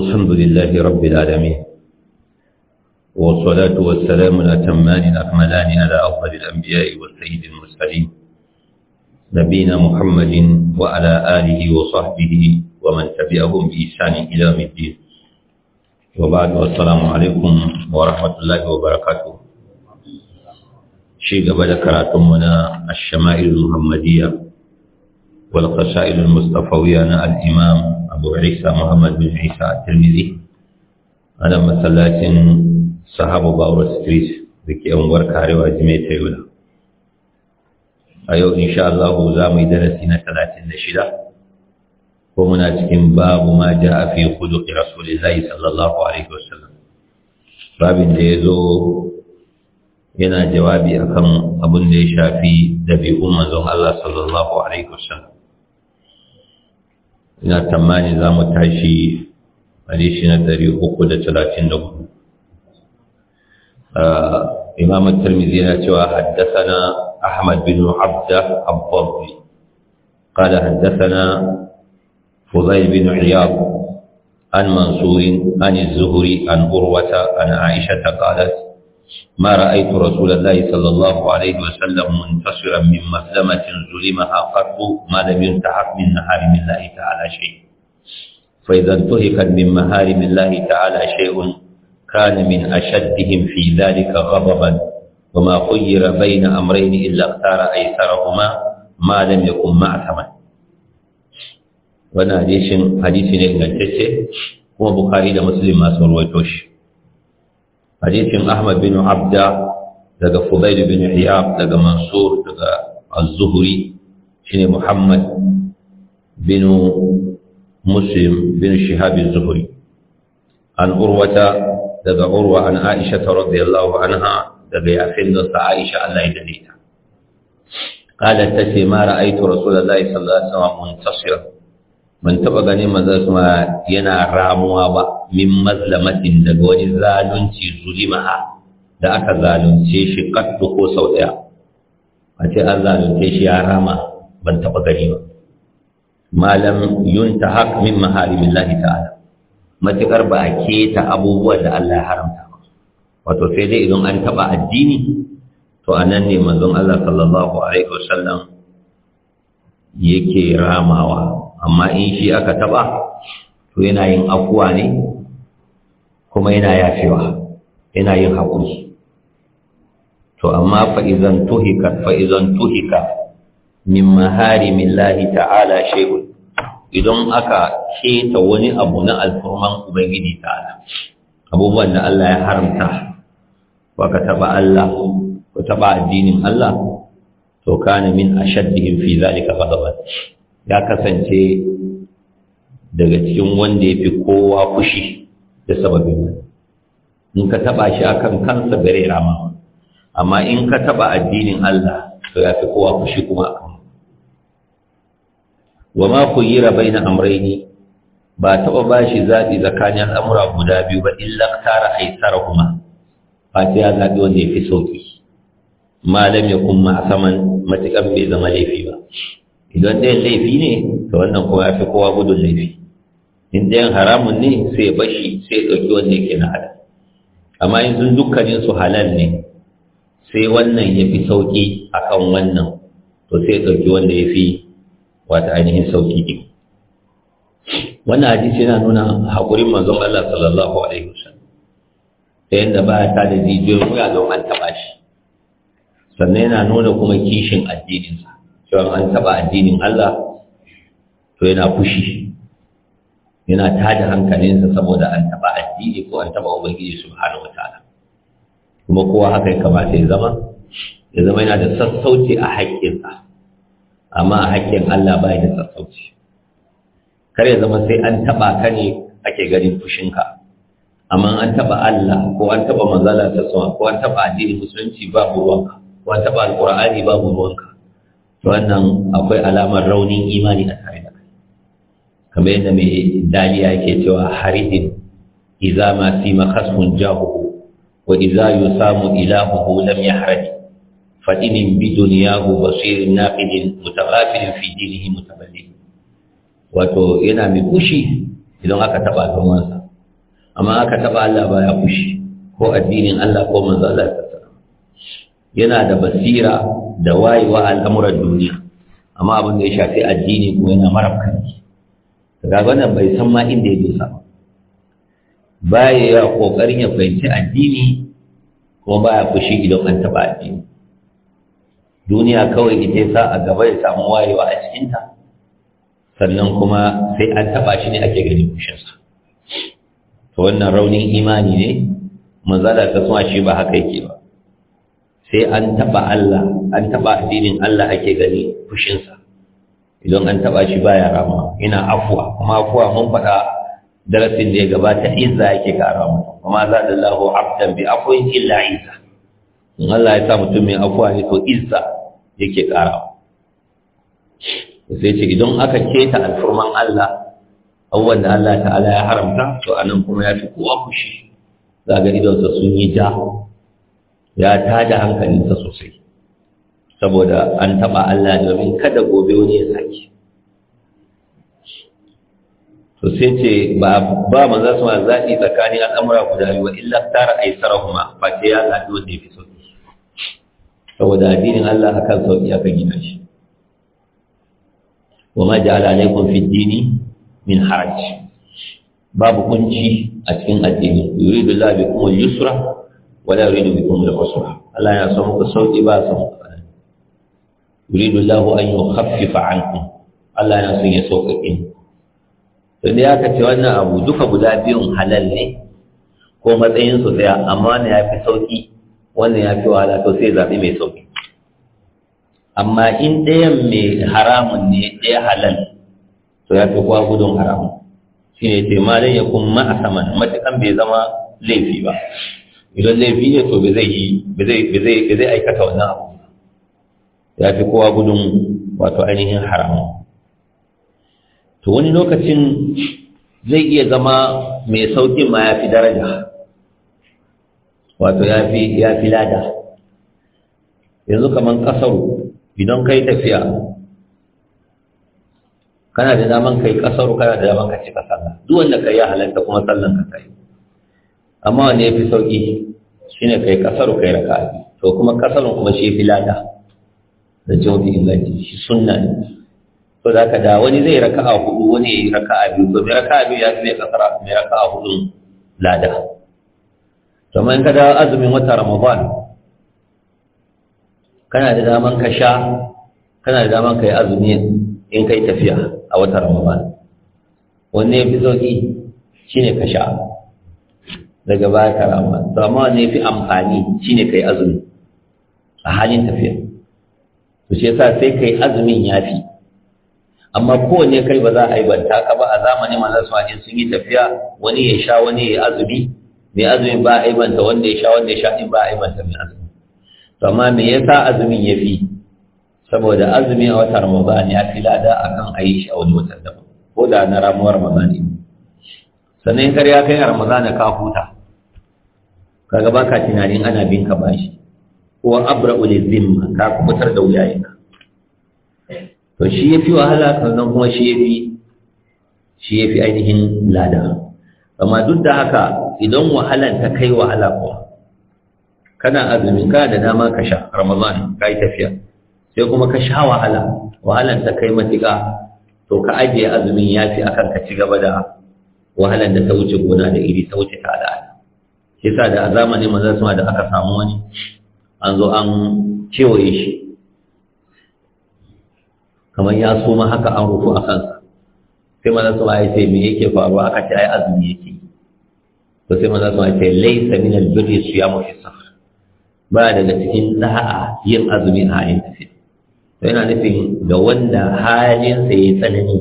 والحمد لله رب العالمين والصلاة والسلام الأتمان الأكملان على أفضل الأنبياء والسيد المرسلين نبينا محمد وعلى آله وصحبه ومن تبعهم بإحسان إلى يوم الدين وبعد السلام عليكم ورحمة الله وبركاته شيء قبل كراتمنا الشمائل المحمدية والقصائد المصطفوية الإمام abu isa muhammad bin isa tirmidhi ana masallacin sahaba bawar street da unguwar karewa jimai ta yula a yau insha Allah za mu yi darasi na talatin da shida ko muna cikin babu ma ja a fi kuduki rasulillahi sallallahu alaihi wasallam babin da ya zo yana jawabi akan abin da ya shafi dabi'un manzon Allah sallallahu alaihi wasallam ina tamani za mu tashi hadisi na 334 uku imam al-tirmidhi yana cewa haddathana ahmad bin abda qala haddathana حدثنا bin بن an عن an az-zuhri an urwata an aisha qalat ما رأيت رسول الله صلى الله عليه وسلم منتصرا من مسلمة ظلمها قط ما لم ينتحق من محارم الله تعالى شيء فإذا انتهكت من محارم الله تعالى شيء كان من أشدهم في ذلك غضبا وما خير بين أمرين إلا اختار أيسرهما ما لم يكن معثما wannan hadisin hadisi ne ingantacce kuma bukari da muslim masu ruwaito shi hadisin Ahmad bin Abda daga Fudail bin Iyab daga Mansur daga Az-Zuhri shine Muhammad bin Muslim bin Shihab Az-Zuhri an Urwata daga Urwa an Aisha radhiyallahu anha daga yafin da Aisha Allah ya dade ta قالت تتي ما رأيت رسول الله صلى الله عليه وسلم منتصرا ban taba ganin manzon kuma yana ramuwa ba min mazlamatin daga wani zalunci zulima da aka zalunce shi kaddu ko sau ɗaya a ce an zalunce shi ya rama ban taɓa gani ba malam yun ta haƙ min maharimin lahi ta'ala matuƙar ba a keta abubuwan da Allah ya haramta ba wato sai dai idan an taɓa addini to a nan ne manzon Allah sallallahu alaihi wasallam yake ramawa amma in shi aka taɓa to yana yin afuwa ne kuma yana yafewa yana yin haƙuri to amma fa'izan tuhika fa'izan tuhika min maharimin lahi ta'ala shehun idan aka keta wani abu na alfurman ubangiji ta'ala abubuwan da Allah ya haramta ba taba taɓa Allah ko taɓa addinin Allah to kana min ashaddihim fi zalika ghadaban ya kasance daga cikin wanda ya fi kowa fushi da sababin wani in ka taba shi akan kansa bare rama amma in ka taɓa addinin Allah to ya fi kowa fushi kuma wa ma rabai na amraini. ba taɓa ba shi zaɓi tsakanin al'amura guda biyu ba illa tara tsara kuma ba ta ya zaɓi wanda ya fi sauƙi malam ya kuma a saman matuƙan bai zama laifi ba idan ɗayan laifi ne to wannan kuma ya fi kowa gudun laifi in ɗayan haramun ne sai ya bashi sai ya ɗauki wanda yake na halal amma in sun dukkanin su halal ne sai wannan ya fi sauƙi a kan wannan to sai ya ɗauki wanda ya fi wata ainihin sauƙi ɗin wannan hadisi yana nuna haƙurin manzon Allah sallallahu alaihi wasallam ta yadda ba ta tada jijiyoyin wuya don an taɓa shi sannan yana nuna kuma kishin addininsa cewa an taɓa addinin Allah to yana fushi yana tada hankalinsa saboda an taɓa addini ko an taɓa ubangiji subhanahu wataala kuma kowa haka ya kamata ya zama ya zama yana da sassauci a haƙƙinsa amma a haƙƙin Allah ba da sassauci kar ya zama sai an taɓa ka ne ake ganin fushinka amma an taɓa Allah ko an taɓa manzala ta sama ko an taɓa addinin musulunci babu ruwanka ko an taɓa alƙur'ani babu ruwanka wannan akwai alamar raunin imani a tare da kai kamar yadda mai daliya yake cewa haridin iza ma fi makasun jahuhu wa iza yusamu ilahuhu lam yahraj fadinin bi duniyahu basirin Nafidin, mutaqabilin fi dinihi mutaballin wato yana mai kushi idan aka taba gamansa amma aka taba Allah baya kushi ko addinin Allah ko manzo Allah yana da basira da wayewa al'amuran duniya amma abin da ya shafi addini ko yana marafkanci daga wannan bai san ma inda ya dosa ba baya ya kokarin ya fahimci addini ko baya fushi idan an taba addini duniya kawai ita sa a gaba ya samu wayewa a cikinta sannan kuma sai an taba shi ne ake ganin fushinsa to wannan raunin imani ne manzala ta shi ba haka yake ba sai an taɓa Allah an addinin Allah ake gani fushinsa idan an taɓa shi baya rama ina afuwa kuma afuwa mun faɗa darasin da ya gabata izza yake kara mutum kuma za da abdan bi afwin illa izza in Allah ya sa mutum mai afuwa ne to izza yake kara sai ce idan aka keta alfurman Allah abubuwan da Allah ta'ala ya haramta to anan kuma ya fi kowa fushi za ga idonsa sun yi ja ya tada hankalinsa sosai saboda an taba Allah domin kada gobe wani ya sake to sai ce ba ba manzo sama zaɓi tsakanin al'amura guda biyu wa illa tara aisarahuma fa ce ya zaɓi wanda yafi sauki saboda addinin Allah akan sauki aka gina shi wa ma ja'ala alaykum fi dini min haraj babu kunci a cikin addini yuridu Allah bikum al-yusra wala yuridu bikum al-usra Allah ya so muku sauki ba san muku yuridu Allah an yukhaffifa ankum Allah ya san ya sauƙaƙe to ne ya ce wannan abu duka guda biyun halal ne ko matsayin su daya amma ne yafi sauki wannan yafi wahala to sai zabi mai sauki amma in ɗayan mai haramun ne daya halal to ya fi kowa gudun haramun shi ne ce ma dai a saman matukan bai zama laifi ba idan laifi ne to ba zai aikata wannan abu ya fi kowa gudun wato ainihin haramun to wani lokacin zai iya zama mai sauƙin ma ya fi daraja wato ya fi lada yanzu kamar ƙasaru idan kai tafiya kana da daman kai ƙasaru kana da daman ka ci ƙasa duk wanda kai ya halatta kuma sallan ka kai amma wanne ya fi sauƙi shi ne kai ƙasar kai raka a to kuma ƙasar kuma shi fi lada da jawabin inganci shi sunna ne to za ka da wani zai raka a hudu wani ya yi raka a biyu to mai raka a biyu ya fi ƙasar mai raka a hudu lada to amma ka dawo azumin wata ramadan kana da daman ka sha kana da daman ka yi azumi in kai tafiya a wata ramadan wanne ya fi sauƙi shi ne ka sha daga baya ka rama to amma ne fi amfani shine kai azumi a halin tafiya to shi yasa sai kai azumin yafi amma kowanne kai ba za a yi banta ka ba a zamanin manzon sallallahu sun yi tafiya wani ya sha wani ya azumi mai azumi ba a yi banta wanda ya sha wanda ya sha din ba a yi banta mai azumi to amma me yasa azumin yafi saboda azumi a watan ramadan ya fi lada akan a shi a wani watan da ko da na ramuwar ramadan sannan in karya kai a ramadana ka huta kaga baka tunanin ana bin ka bashi ko abra'u zimma ka kubutar da wuyayenka to shi yafi wahala sannan kuma shi yafi shi yafi ainihin lada amma duk da haka idan wahalan ta kai wahala kuma kana azumi ka da dama ka sha ramadan ka yi tafiya sai kuma ka sha wahala wahalan ta kai matuƙa to ka ajiye azumin yafi akan ka ci gaba da wahalar da ta wuce gona da iri ta wuce ta al'ada shi da a zamanin manzon suna da aka samu wani an zo an kewaye shi kamar ya soma haka an rufu a kansa sai manzon suna ya ce me yake faruwa aka ce ai azumi yake to sai manzon suna ya ce laysa min albirri ya mafi safar ba daga cikin da'a yin azumi a halin tafiya to yana nufin ga wanda halinsa ya tsanani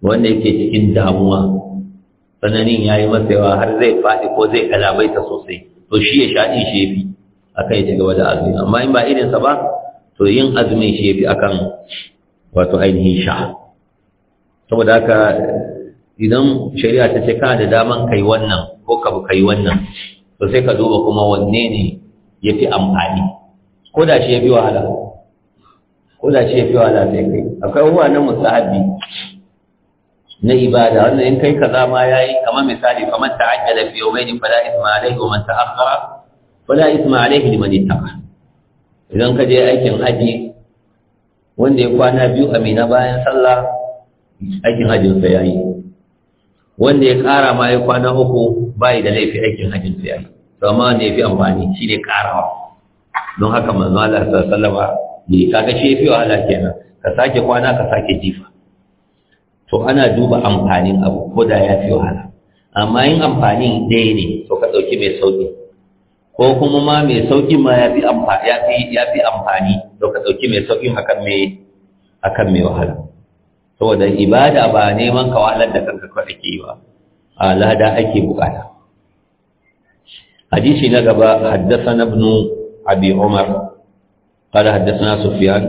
wanda yake cikin damuwa tsananin ya yi masa yawa har zai faɗi ko zai galabaita sosai to shi ya sha ɗin shi ya fi akan ya ci gaba da azumi amma in ba irinsa ba to yin azumin shi ya fi kan wato ainihin sha saboda haka idan shari'a ta ce kana da daman kai wannan ko ka kai wannan to sai ka duba kuma wanne ne ya fi amfani ko da shi ya fi wahala ko da shi ya fi wahala sai kai akwai uwa na musahabi na ibada wannan in kai kaza ma yayi kamar misali ta ajjala fi yawmayn fala isma alayhi wa man ta'akhkhara fala isma alayhi liman ittaqa idan ka je aikin haji wanda ya kwana biyu a mina bayan sallah aikin hajjin sa yayi wanda ya kara ma ya kwana uku bai da laifi aikin hajjin sa yayi to amma ya fi amfani shine karawa don haka manzo Allah sallallahu alaihi wasallam ne kaga shi fi wahala kenan ka sake kwana ka sake jifa to ana duba amfanin abu ko da ya fi wahala amma yin amfanin ɗaya ne to ka ɗauki mai sauƙi ko kuma ma mai sauƙi ma ya fi amfani to ka ɗauki mai sauƙi akan mai wahala saboda ibada ba neman ka wahalar da kanka ko ake yi ba a lada ake bukata na gaba haddasan ibn abi Umar, قال حدثنا سفيان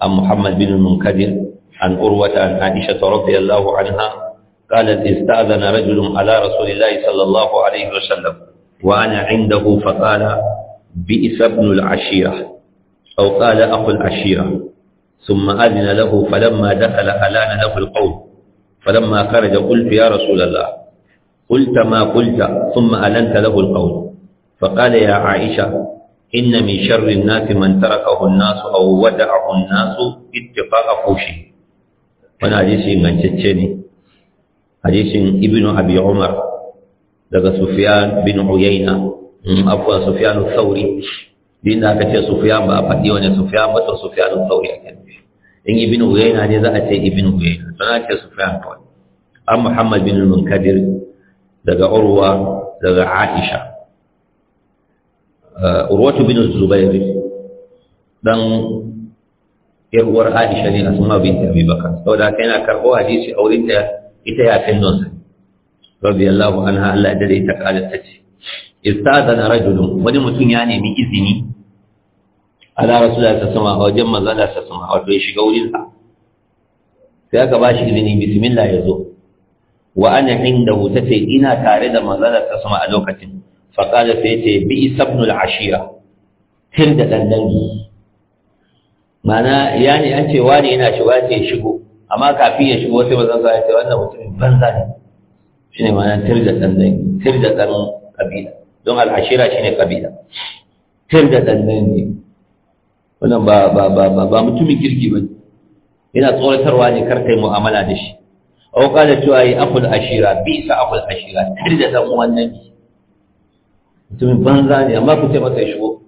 عن محمد بن المنكدر عن أروة عن عائشة رضي الله عنها قالت استأذن رجل على رسول الله صلى الله عليه وسلم وأنا عنده فقال بئس ابن العشيرة أو قال أخو العشيرة ثم أذن له فلما دخل ألان له القوم فلما خرج قلت يا رسول الله قلت ما قلت ثم ألنت له القول فقال يا عائشة إن من شر الناس من تركه الناس أو ودعه الناس اتقاء فوشه wani hadisi ingantacce ne hadisin ibnu abi umar daga sufyan bin uyayna mm, afwan sufyan thauri din da aka ce sufyan ba a faɗi wani sufyan ba to sufyan thauri ake nufi in ibnu uyayna ne za a ce ibnu uyayna to na ce sufyan kawai an muhammad bin munkadir daga urwa daga aisha uh, urwatu bin zubair dan yar uwar Aisha ne Asma binti Abi Bakar saboda haka yana karbo hadisi a wurin ta ita ya fin nan radiyallahu anha Allah da ita kalar ta ce istadana rajulun wani mutum ya nemi izini ala rasulullahi sallallahu alaihi wajen manzo Allah sallallahu alaihi wasallam wato ya shiga wurin sa sai aka bashi izini bismillah ya zo wa ana indahu tace ina tare da manzo Allah sallallahu alaihi wasallam a lokacin faqala sai ce bi isabnul ashira tir da dandangi Ma'ana ya ne an ce wani yana shiga ce shigo amma kafin ya shigo sai bazan ya ce wannan mutumin banza ne shi ne mana tirda dan tir tirda dan ƙabila don al'ashira shi ne ƙabila tirda dan ne. wannan ba ba ba ba ba mutumin kirki ba yana tsoratarwa ne kar kai mu'amala da shi aw qala tu ay akul ashira bi sa akul ashira tirda ɗan wannan. mutumin banza ne amma ku ce masa shigo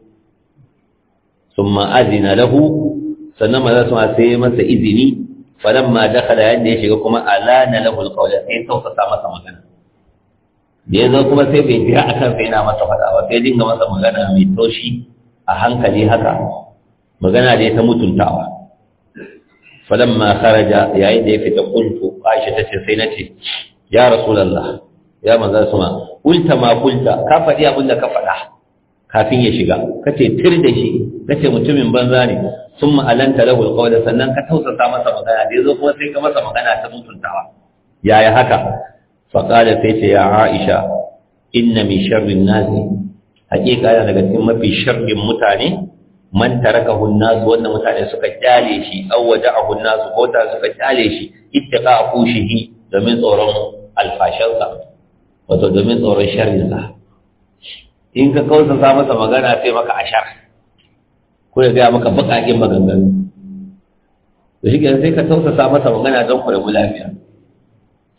ثم أذن له sannan maza su ma sai masa izini falamma dakhala yadda ya shiga kuma alana lahu alqawla sai saukaka masa magana da ya zo kuma sai bai biya akan sai yana masa faɗa ba sai dinga masa magana mai taushi a hankali haka magana da ya ta mutuntawa ma kharaja yayin da ya fita kuntu Aisha ta ce sai na ce. ya rasulullah ya manzo sama ulta ma kulta ka faɗi abin da ka faɗa kafin ya shiga kace tir da shi kace mutumin banza ne sun ma'alanta lahu alqawla sannan ka tausasa masa magana da yazo kuma sai ka masa magana ta mutuntawa yaya haka fa qala sai ce ya aisha inna min sharrin nasi hakika yana daga cikin mafi sharrin mutane man tarakahu nasu wanda mutane suka kyale shi aw wada'ahu nasu ko ta suka kyale shi ittiqa fushihi domin tsoron alfashansa wato domin tsoron sharrinsa in ka kausa sa masa magana sai maka ashar ko ya gaya maka bakakin maganganu da shi sai ka kausa sa masa magana don ku rabu lafiya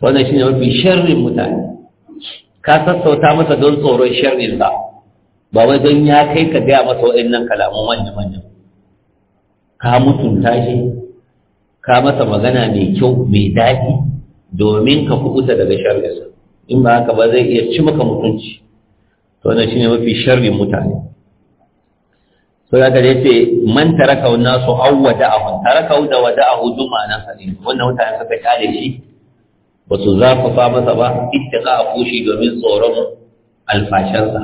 wannan ne mafi sharrin mutane ka sassauta masa don tsoron sharrin sa ba wai don ya kai ka gaya masa waɗannan kalamun manya manya ka mutunta shi ka masa magana mai kyau mai daɗi domin ka kuɓuta daga sharrinsa in ba haka ba zai iya ci maka mutunci wannan shine mafi sharrin mutane so da ya ce man taraka wa nasu aw wada'ahu taraka wa wada'ahu duma nan sani wannan mutane suka kyale shi ba su zafafa masa ba ittiqa a kushi domin tsoron alfashansa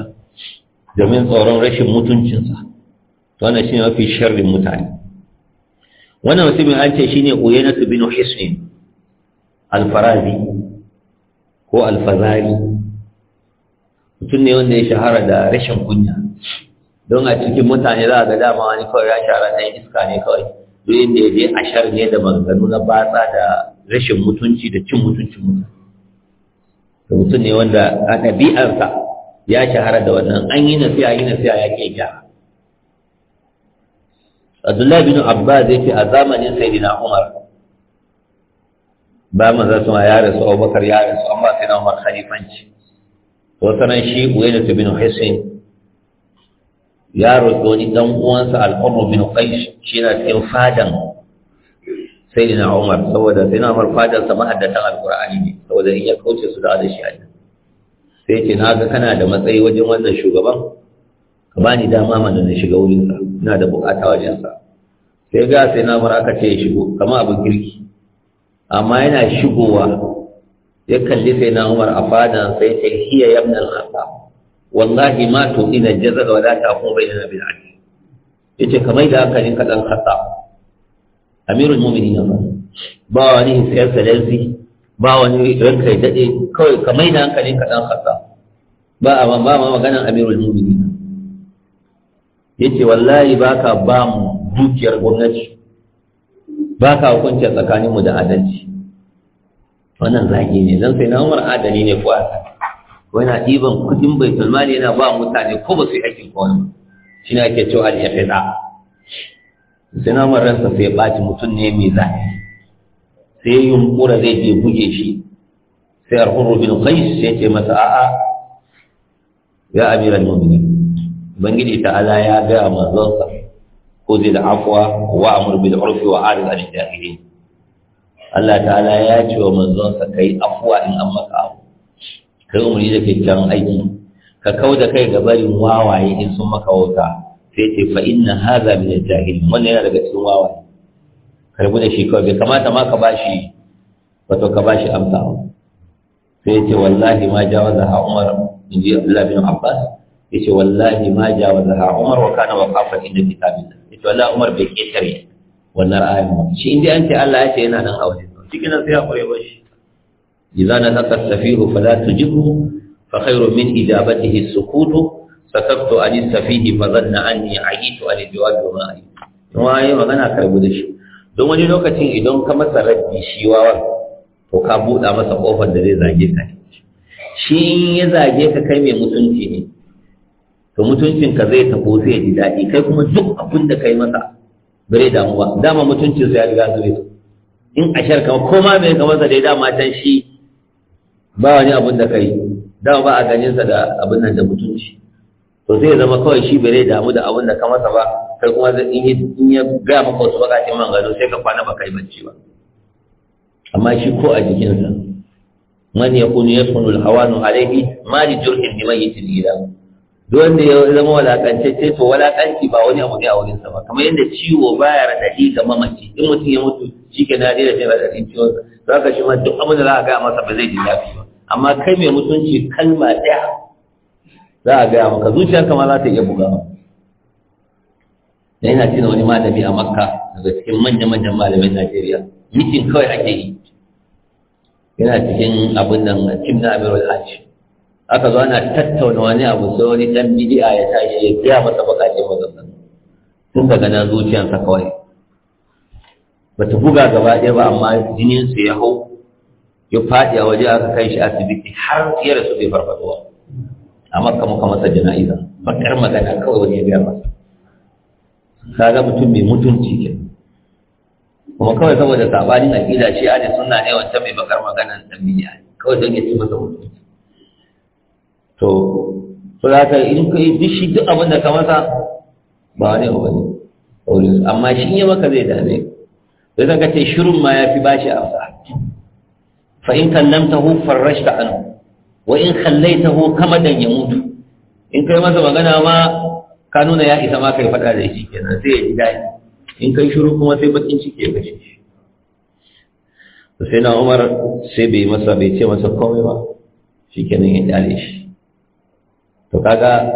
domin tsoron rashin mutuncinsa to wannan shine mafi sharrin mutane wannan mutumin an ce shine uyaynatu bin hisn al-farazi ko al-fazari mutum ne wanda ya shahara da rashin kunya don a cikin mutane za a ga dama wani kawai ya shahara na iska ne kawai duk inda ya je a shar ne da maganganu na batsa da rashin mutunci da cin mutuncin mutane da mutum ne wanda a ɗabi'arsa ya shahara da wannan an yi nasiya yi nasiya ya ke gyara abdullahi bin abbas ya ce a zamanin sayyidina umar ba maza suna ya rasu abubakar ya rasu amma sai na umar khalifanci wata ran shi uwaina ta bin hisin ya roƙi wani dan uwansa al-qurr bin qais shi na cikin fadan sayyidina umar saboda sayyidina umar fadan sa mahaddatan al-qur'ani ne saboda in ya kauce su da shi a sai ce na ga kana da matsayi wajen wannan shugaban ka ba ni dama mana na shiga wurin wurinsa ina da bukata wajensa sai ga sai na bar aka ce ya shigo kamar abin kirki amma yana shigowa ya kalli sai na umar a fadan sai ta hiya yabna al-khattab wallahi ma to ina jazar wa la taqu bainana bil adl yace kamar da aka yin dan khattab amirul mu'minin ba wani sai salalzi ba wani ranka dade kawai kamar da aka yin dan khattab ba a ba ma maganan amirul mu'minin yace wallahi ka ba mu dukiyar gwamnati Ba ka hukunci tsakaninmu da adalci wannan zagi ne zan sai na umar adali ne ko a na ɗiban kudin bai tulmani yana ba mutane ko ba su yi aikin kawai shi ne ake cewa ya fi sai na umar ransa sai ya ɓaci mutum ne mai zafi. sai yunkura zai je buge shi sai rubin kai qais ya ce masa a'a ya amiral Bangiji ubangiji ala ya ga mazansa ko zai da afuwa wa amur bil urfi wa da al jahilin Allah ta'ala ya ce wa manzonsa ka yi afuwa in an maka abu ka yi umarni da kyakkyawan aiki ka kau da kai ga barin wawaye in sun maka wauta sai ce fa inna haza min jahil wannan yana daga cikin wawaye karbu da shi kawai bai kamata ma ka bashi wato ka bashi amsa ba sai ce wallahi ma jawaza ha umar in ji Allah bin Abbas ce wallahi ma jawaza ha umar wa kana waqafa inda kitabillah ce wallahi umar bai ketare wannan ayan shi inda an ce Allah ya ce yana nan a wajen cikin nan sai ya kure ba shi idza nataka safihu fala tujibhu fa khairu min ijabatihi sukutu sakaktu an safihi fa dhanna anni ayitu al jawab wa ma ayi to ayi magana karbu da shi don wani lokacin idan ka masa rabbi shi wawa to ka buɗa masa kofar da zai zage ka shi in ya zage ka kai mai mutunci ne to mutuncinka zai tafo sai ya ji daɗi kai kuma duk abin da kai masa bare damu ba dama mutuncin sa ya riga zube in a kama, ko ma mai kamar sa dai dama can shi ba wani abun da kai dama ba a ganin sa da abin nan da mutunci to zai zama kawai shi bare damu da abun da ka masa ba kai kuma in ya gaya maka wasu bakakin man gado sai ka kwana ba kai bacci ba amma shi ko a jikinsa man yakunu yasunu alhawanu alayhi ma li jurhin bi mayyitin ila don ya zama ce to walakanci ba wani abu ne a wurinsa ba kamar yadda ciwo ba ya raɗaɗi ga mamaci in mutum ya mutu shi ke nadi da raɗaɗin ciwonsa za ka shi ma duk abin da za a gaya masa ba zai ji dafi ba amma kai mai mutunci kalma ɗaya za a gaya maka zuciyar kama za ta iya buga ba yana tuna wani malami a makka daga cikin manya-manyan malamin najeriya mitin kawai ake yi yana cikin abin nan na amirul hajji aka zo ana tattauna wani abu sai wani dan bidi'a ya tashi ya biya masa bakace mazan tun daga nan zuciyarsa kawai ta buga gaba ɗaya ba amma jininsu ya hau ya faɗi a waje aka kai shi asibiti har ya rasu bai farfaɗuwa A maka maka masa jana'iza bakar magana kawai wani ya biya masa kaga mutum mai mutunci ke kuma kawai saboda sabanin aƙida shi ne suna ne wata mai bakar magana da biya kawai don ya ci masa mutunci to to za ka in ka yi shi duk abin da ka masa ba wani abu ne amma shi in yi maka zai dame sai zaka ce shirin ma ya fi bashi amsa fa in farrash farrashta anu wa in kama dan ya mutu in kai masa magana ma ka nuna ya isa ma kai faɗa da shi kenan sai ya ji daɗi in kai shiru kuma sai bakin ciki ya kashe shi sai na umar sai bai masa bai ce masa komai ba shi kenan ya dale shi to kaga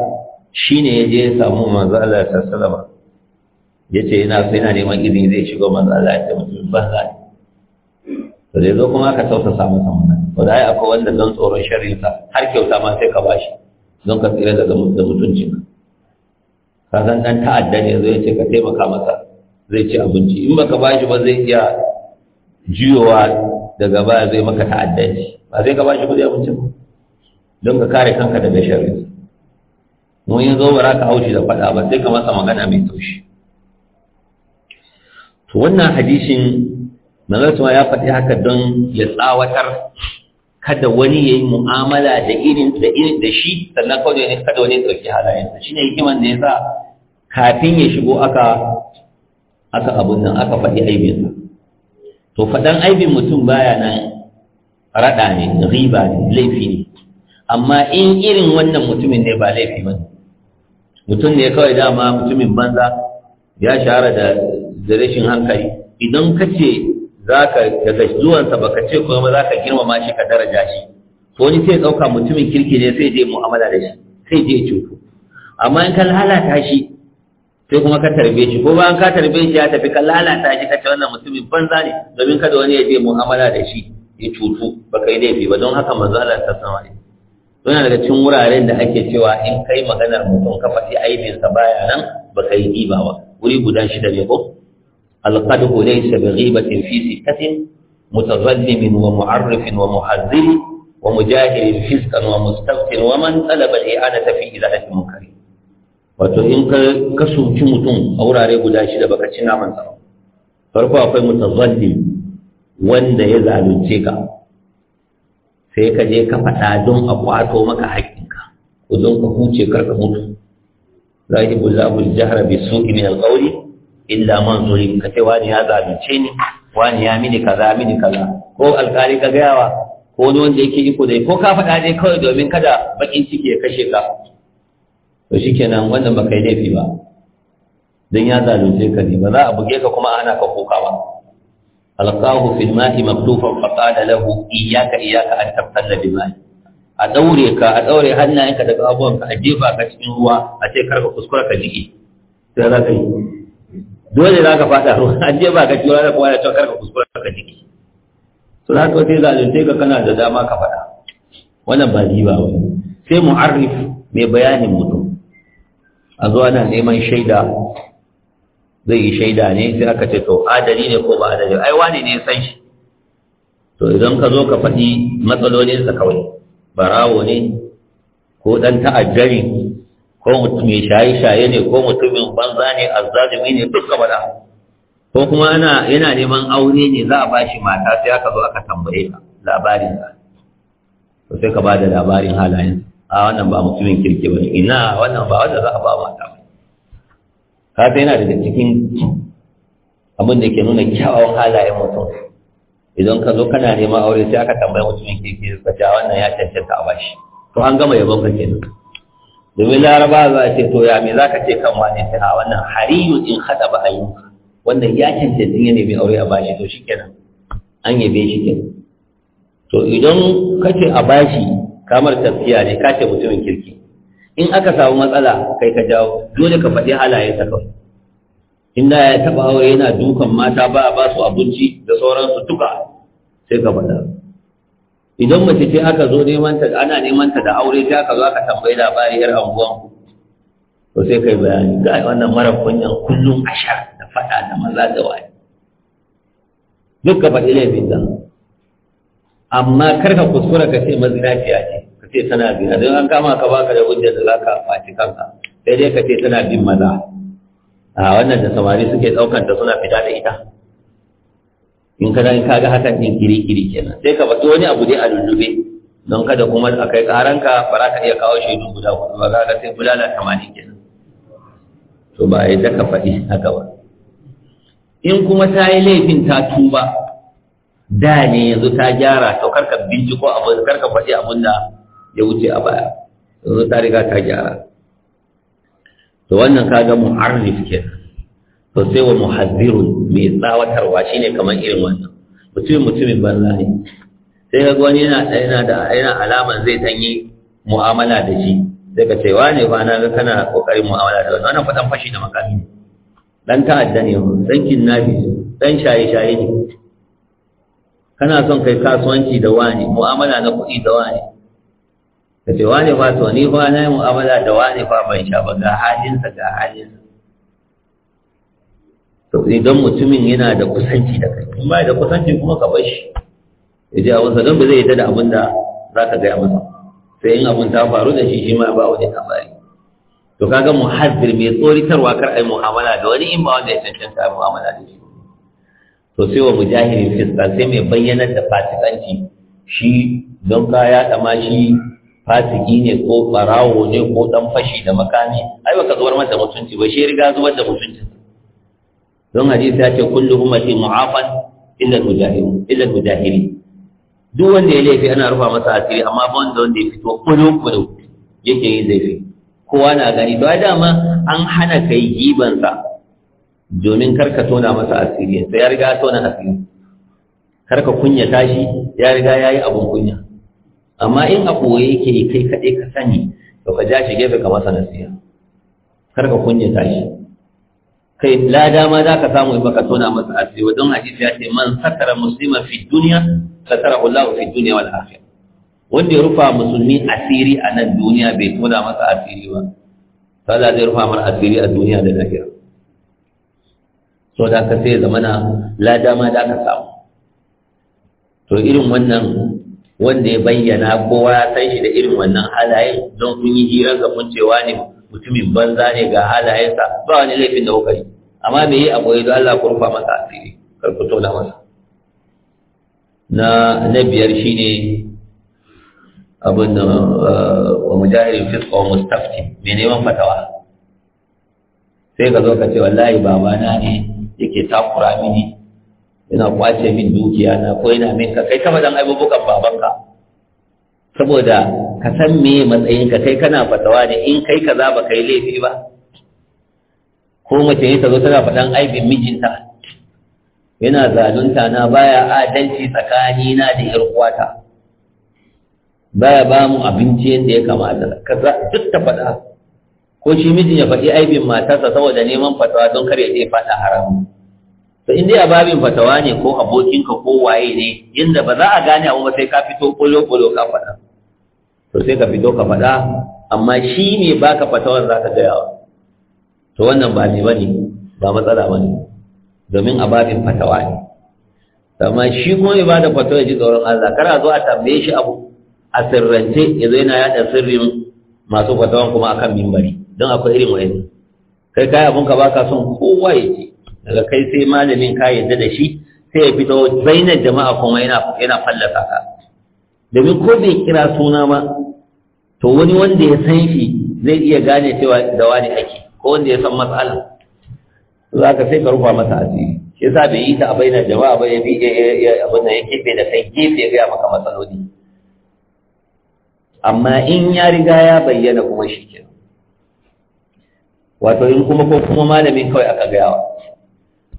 shine yaje ya samu manzo Allah sallallahu alaihi wasallam yace yana so yana neman izini zai shigo manzo Allah ya ce mutum banza to dai zo kuma ka sauta samu samun nan to dai akwai wanda don tsoron sharrinsa har kyauta ma sai ka bashi don ka tsira daga da mutuncin ka san dan ta'adda ne zai ce ka taimaka masa zai ci abinci in baka bashi ba zai iya jiyowa daga baya zai maka ta'addanci ba zai ka bashi kuɗi abinci ba don ka kare kanka daga sharrinsa mu yin zo bara ka haushi da faɗa ba sai ka masa magana mai taushi to wannan hadisin manzon ma ya faɗi haka don ya tsawatar kada wani ya yi mu'amala da irin da irin da shi sannan kawai ne kada wani ya ɗauki halayensa shine hikiman da ya sa kafin ya shigo aka aka abun nan aka faɗi aibinsa to faɗan aibin mutum baya nan raɗa ne riba ne laifi ne amma in irin wannan mutumin ne ba laifi ba mutum ne kawai dama mutumin banza ya shahara da rashin hankali idan ka ce za ka daga zuwansa baka ce kuma za ka girmama shi ka daraja shi to wani sai ɗauka mutumin kirki ne sai je mu'amala da shi sai je cuto amma in ka lalata shi sai kuma ka tarbe shi ko bayan ka tarbe shi ya tafi ka lalata shi ka ce wannan mutumin banza ne domin kada wani ya je mu'amala da shi ya cutu baka yi laifi ba don haka manzo Allah ta sama ne yana daga cikin wuraren da ake cewa in kai maganar mutum ka faɗi aibinsa baya nan ba ka yi riba ba wuri guda shida ne ko alqadu laysa bi ghibatin fi sittatin mutazallimin wa mu'arrifin wa muhazziri wa mujahilin fiskan wa mustaftin wa man talaba al-i'anata fi izalati munkari wato in ka ka suci mutum a wurare guda shida baka ci namansa sa farko akwai mutazallim wanda ya zalunce ka sai ka je ka faɗa don a kwato maka haƙƙinka ko don ka huce karka mutu zahibu zabul jahra bi su'i min alqawli illa man zulim ka ce wani ya zalunce ni wani ya mini kaza mini kaza ko alƙali ka gayawa ko wani wanda yake iko dai ko ka faɗa dai kawai domin kada bakin ciki ya kashe ka to shikenan wannan baka yi laifi ba don ya zalunce ka ne ba za a buge ka kuma ana ka koka ba alqahu fil ma'i maktufan fa qala lahu iyyaka iyyaka an tabtalla bil ma'i a daure ka a daure hannayenka daga abubuwan ka a jefa ka cikin ruwa a ce karka kuskura ka jiki sai za ka yi dole za ka fada ruwa a jefa ka cikin ruwa da kuma ya ce karka kuskura ka jiki to za ka sai zalunce ka kana da dama ka faɗa wannan ba riba ba sai mu'arrif mai bayanin mutum a zuwa nan neman shaida zai yi shaida ne sai aka ce to adali ne ko ba adali ai wani ne san shi to idan ka zo ka faɗi matsalolinsa kawai barawo ne ko ɗan ta'ajjari ko mutum mai shaye-shaye ne ko mutumin banza ne azzalumi ne duk ka faɗa ko kuma ana yana neman aure ne za a bashi mata sai aka zo aka tambaye ka labarin Ka to sai ka bada labarin halayen a wannan ba mutumin kirki bane ina wannan ba wanda za a ba mata kafin yana daga cikin abin da ke nuna kyawawan halayen mutum idan ka zo kana neman aure sai aka tambayi mutumin kirki ka ce wannan ya cancanta a bashi to an gama yabon ka kenan domin laraba za a ce to ya me za ka ce kan wani sai a wannan hariyu in haɗa ba yi. wannan ya cancanta ya nemi aure a bashi to shikenan, an yabe shi kenan to idan ka ce a bashi kamar tafiya ne ka ce mutumin kirki in aka samu matsala kai ka jawo dole ka faɗi halaye ta kawai in da ya taɓa aure yana dukan mata ba a ba su abinci da sauransu duka sai ka faɗa idan mace ce aka zo neman ta ana neman ta da aure sai aka zo aka tambayi labari yar anguwan to sai kai bayani ga wannan mara kunyan kullum ashar da faɗa da maza da waye duk ka faɗi laifin da amma kar ka kuskura ka ce mazinaciya ce ka ce tana bi don an kama ka baka da hujjar da zaka faci kanka sai dai ka ce tana bin maza a wannan da samari suke ɗaukar da suna fita da ita in ka in kaga hakan din kiri kiri kenan sai ka faɗi wani abu dai a lullube don kada kuma a kai karanka ba za ka iya kawo shaidu guda hudu ba za ka sai bulala tamanin kenan to ba a yi ka faɗi haka ba in kuma ta yi laifin ta tuba da ne yanzu ta gyara to karka binciko abu karka faɗi abun da ya wuce a baya yanzu ta riga ta gyara to wannan kaga mu'arrif ke to sai wa muhaddiru mai tsawatarwa shine kamar irin wannan mutumin mutumin banza ne sai ga wani yana yana da yana alaman zai tanyi mu'amala da shi sai ka ce wane ba na ga kana kokarin mu'amala da wannan wannan fadan fashi da makami dan ta'adda ne dan kinnabi dan shaye shaye ne kana son kai kasuwanci da wani mu'amala na kuɗi da wani ka ce wani ba to ni ba na yi mu'amala da wani ba ban sha ba ga halinsa ga halinsa to idan mutumin yana da kusanci da kai in da kusanci kuma ka bar shi ya ji abinsa don ba zai yadda da abin da za ka gaya masa sai in abin ta faru da shi shi ma ba wani labari to kaga muhazzir mai tsoritarwa kar ai mu'amala da wani in ba wanda ya cancanta mu'amala da shi to sai wa mujahidin fiska sai mai bayyanar da fasikanci shi don ka ya dama shi fasiki ne ko barawo ne ko dan fashi da makami ai baka zuwar masa mutunci ba shi riga zubar da mutunci don hadisi ya ce kullu ummati mu'afan illa illa duk wanda ya laifi ana rufa masa asiri amma ba wanda wanda ya fito kudu-kudu yake yin laifi. kowa na gani ba dama an hana kai gibansa domin karka tona masa asiri sai ya riga tona asiri karka kunya tashi ya riga ya yi abun kunya amma in a koye yake yi kai kaɗai ka sani to ka ja shi gefe ka masa nasiya karka kunya tashi kai da ma za ka samu baka tona masa asiri wa don hadisi ya ce man satara muslima fi duniya satara Allah fi duniya wal akhir wanda ya rufa musulmi asiri a nan duniya bai tona masa asiri ba da zai rufa mar asiri a duniya da lahira so da ka sai zamana lada ma da ka samu to irin wannan wanda ya bayyana kowa ya san shi da irin wannan halayen don kun yi hira ga mun cewa ne mutumin banza ne ga halayensa ba wani laifin da kokari amma me yi abu da Allah ku masa asiri kar ku tona masa na na biyar shine abin da eh, wa mujahidin fisqa mustafti me neman fatawa sai ka zo ka ce wallahi babana ne yake takura mini yana kwace min dukiya na ko yana min ka kai kama dan aibubukan babanka saboda ka san me ka kai kana fatawa ne in kai kaza ba kai laifi ba ko mace ne tazo tana faɗan aibin mijinta yana zalunta na baya adalci tsakani na da yar uwata baya ba mu abinci yadda ya kamata kaza duk ta faɗa ko shi mijin ya faɗi aibin matarsa saboda neman fatawa don kar ya je faɗa haramu to in dai ababin fatawa ne ko abokinka ko waye ne yadda ba za a gane abu ba sai ka fito kolo kolo ka faɗa to sai ka fito ka faɗa amma shi ne baka fatawar za ka gaya to wannan ba ne bane ba matsala bane domin ababin fatawa ne amma shi kuma ba bada fatawa ji tsoron Allah kar a zo a tambaye shi abu a sirrance ya yana yaɗa sirrin masu fatawan kuma akan mimbari don akwai irin wayan kai kai abun ka baka son kowa ya ce daga kai sai malamin ka yadda da shi sai ya fito bainar jama'a kuma yana yana fallasa ka domin ko bai kira suna ba to wani wanda ya san shi zai iya gane cewa da wani ake ko wanda ya san matsala za ka sai ka rufa masa asiri shi yasa bai yi ta a bainar jama'a ba ya bi abin da ya kefe da kai gefe ya gaya maka matsaloli amma in ya riga ya bayyana kuma shi kenan wato in kuma ko kuma malamin kawai aka gayawa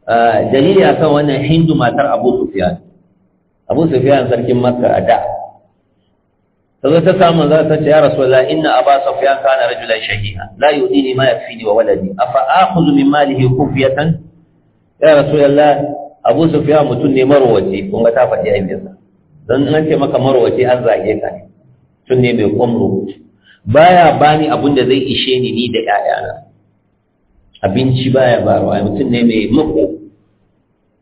ah, dalili akan wannan hindu matar abu sufiyan abu sufiyan sarkin makka a da ta zo ta samu za ta ce ya rasulullah inna aba sufiyan kana rajulan shahiha la yudini ma ya fi ni wa waladi afa akhudhu min malihi kufiyatan ya yalla abu sufiyan mutum ne marwaci kun ga ta faɗi a aibinsa don an ce maka marowace an zage ka tun ne mai kwamro baya bani abin da zai ishe ni ni da 'ya'yana. abinci baya ya mutum ne mai mako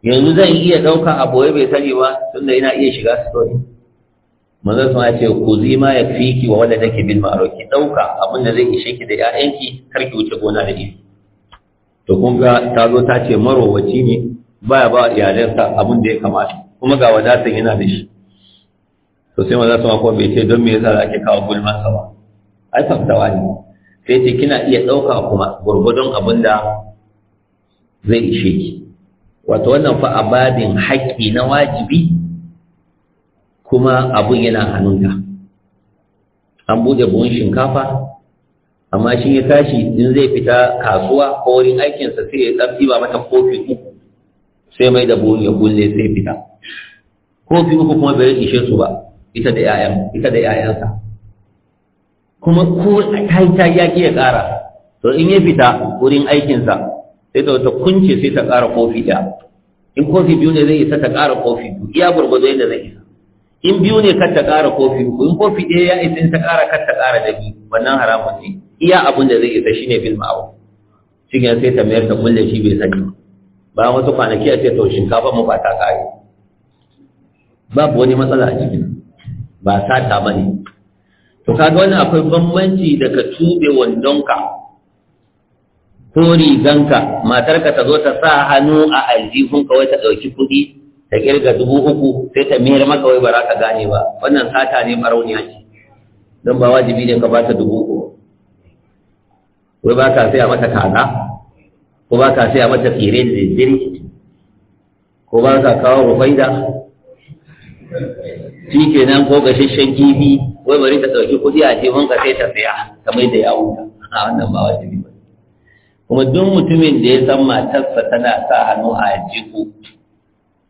yanzu zan iya ɗauka a boye bai sani ba tunda ina iya shiga story manzon sama ce ku zi ma ya ki wa wanda take bin ma'aro ki ɗauka abin da zai ishe ki da ƴaƴanki kar ki wuce gona da ni to kun ga ta zo ta ce marowaci ne baya ba iyalansa abin da ya kamata kuma ga wadatar yana da shi to sai manzon sama ko bai ce don me yasa ake kawo gulman sama ba ai ne sai ce kina iya ɗauka kuma gurgudun abin da zai ishe ki wato wannan fa ababin haƙƙi na wajibi kuma abin yana hannunta an buɗe buhun shinkafa amma shi ya tashi in zai fita kasuwa ko wurin aikinsa sai ya ɗan ba mata kofi uku sai mai da buhun ya kulle sai fita kofi uku kuma bai ishe su ba ita da 'ya'yansa kuma ko ta yi ta yaƙi ya ƙara to in ya fita wurin aikinsa sai ta wata kunce sai ta ƙara kofi ɗaya in kofi biyu ne zai isa ta ƙara kofi biyu iya gwargwado yadda zai isa in biyu ne kar ta ƙara kofi uku in kofi ɗaya ya isa in ta ƙara kar ta ƙara da biyu wannan haramun ne iya abin da zai isa shine bin ma'ruf shi ne sai ta mayar ta kulle shi bai sani ba wasu kwanaki a ce to shinkafa mu ba ta ƙare babu wani matsala a cikin ba sata ba ne to kaga wannan akwai bambanci daga ka tube wandonka ko riganka matarka ta zo ta sa hannu a aljihunka wai ta ɗauki kuɗi ta kirga dubu uku sai ta mayar maka wai ba za ka gane ba wannan sata ne farauniya ce don ba wajibi ne ka bata dubu uku wai ba ka a mata kaza ko ba ka a mata tsire da zirgi ko ba ka kawo rufaida shi kenan ko gashashen kifi wai bari ta ɗauki kuɗi a jihun ka sai ta saya ta mai da yawon a wannan ba wajibi ba kuma duk mutumin da ya san matarsa tana sa hannu a jiko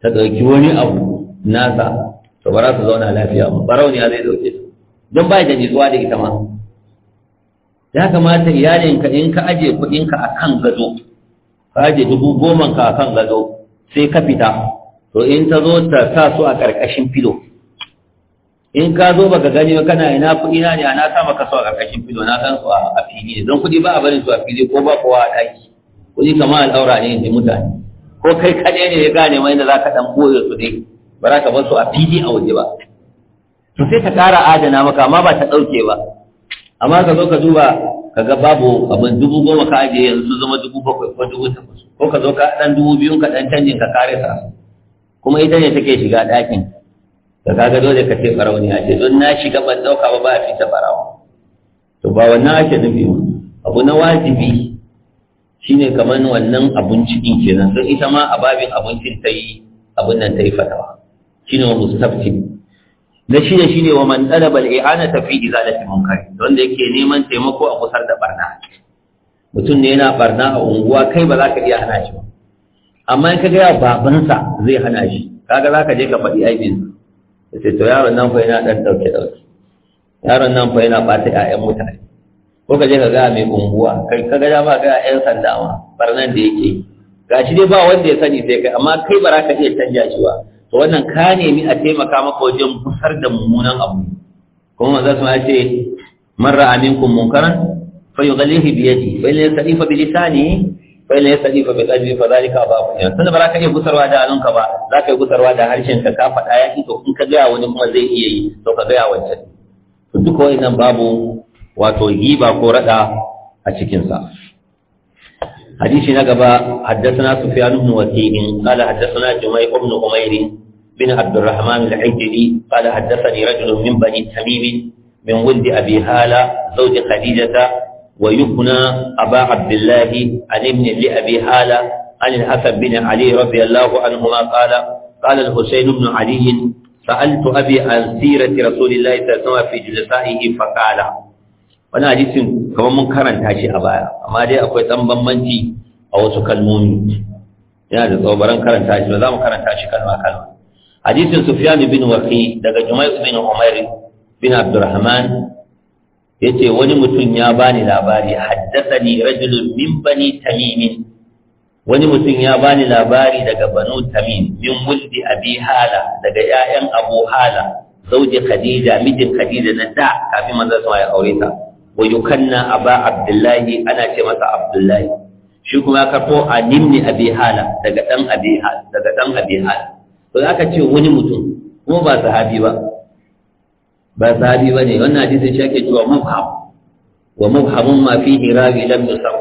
ta ɗauki wani abu nasa to ba za su zauna lafiya ba barauniya zai ɗauke su don ba da nitsuwa da ita ma ya kamata iyalinka in ka aje kuɗinka a kan gado ka aje dubu goma ka a kan gado sai ka fita to in ta zo ta sa su a ƙarƙashin filo in ka zo baka gani ba kana ina kuɗi na ne a na sa maka a ƙarƙashin filo na san su a fili ne don kuɗi ba a barin su a fili ko ba kowa a ɗaki kuɗi kamar al'aura ne da mutane ko kai kaɗai ne ya gane mai da za ka ɗan boye su dai ba za ka bar su a fili a waje ba to sai ta ƙara adana maka amma ba ta ɗauke ba amma ka zo ka duba ka ga babu abin dubu goma ka ajiye yanzu sun zama dubu bakwai ko dubu takwas ko ka zo ka ɗan dubu biyun ka ɗan canjin ka kare sa kuma ita ne take shiga ɗakin da kaga dole ka ce farauniya ce don na shiga ban dauka ba ba a fita farawa to ba wannan ake nufi ba abu na wajibi shine kamar wannan abinci din kenan don ita ma a babin abincin ta yi abin nan ta yi fatawa shine wa mustafti na shine shine wa man talaba al ta fi izalati munkar wanda yake neman taimako a kusar da barna mutum ne yana barna a unguwa kai ba za ka iya hana shi ba amma in ka ga babansa zai hana shi kaga za ka je ka faɗi aibinsa sai to yaron nan fa yana yaron nan fa yana ɓata 'ya'yan mutane ko ka je ka gaya mai unguwa kai ka ga dama ga 'yan sanda ma barnan da yake gashi dai ba wanda ya sani sai kai amma kai bara ka iya canja shi ba to wannan ka nemi a taimaka maka wajen busar da mummunan abu kuma manzo sun ce man ra'a minkum munkaran falyughallihi bi yadihi fa in yastaifa bi lisanihi fa ne yasali fa bi qalbi fa zalika ba ku ne tunda ba za ka iya gusarwa da alunka ba za ka iya gusarwa da harshen ka ka faɗa ya to in ka gaya wani kuma zai iya yi to ka gaya wancan to duka nan babu wato giba ko raɗa a cikinsa sa hadisi na gaba haddathana sufyan ibn waqi' qala haddathana jumay ibn umayr بن عبد الرحمن العجلي قال حدثني رجل من بني تميم من ولد أبي هالة زوج خديجة ويكنى أبا عبد الله عن ابن لأبي هالة عن الحسن بن علي رضي الله عنهما قال قال الحسين بن علي سألت أبي عن سيرة رسول الله صلى الله عليه وسلم في جلسائه فقال wani hadisin kamar mun karanta shi a baya amma dai akwai ɗan bambanci a wasu kalmomi yana da tsobaran karanta shi ba za mu karanta shi kalma kalma hadisin sufyan bin waqi daga juma'i bin umair bin abdurrahman yace wani mutum ya bani labari haddathani rajulun min bani tamim wani mutum ya bani labari daga banu tamim min wuldi abi hala daga 'ya'yan abu hala zauji khadija mijin khadija na da kafin manzon sama ya aure ta wa yukanna aba abdullahi ana ce masa abdullahi shi kuma ya karbo a nimni abi hala daga dan abi hala daga dan abi hala to aka ce wani mutum kuma ba sahabi ba ba sahabi ba ne wannan hadisi shi ake cewa mabham wa mabhamun ma fihi rawi lam yusam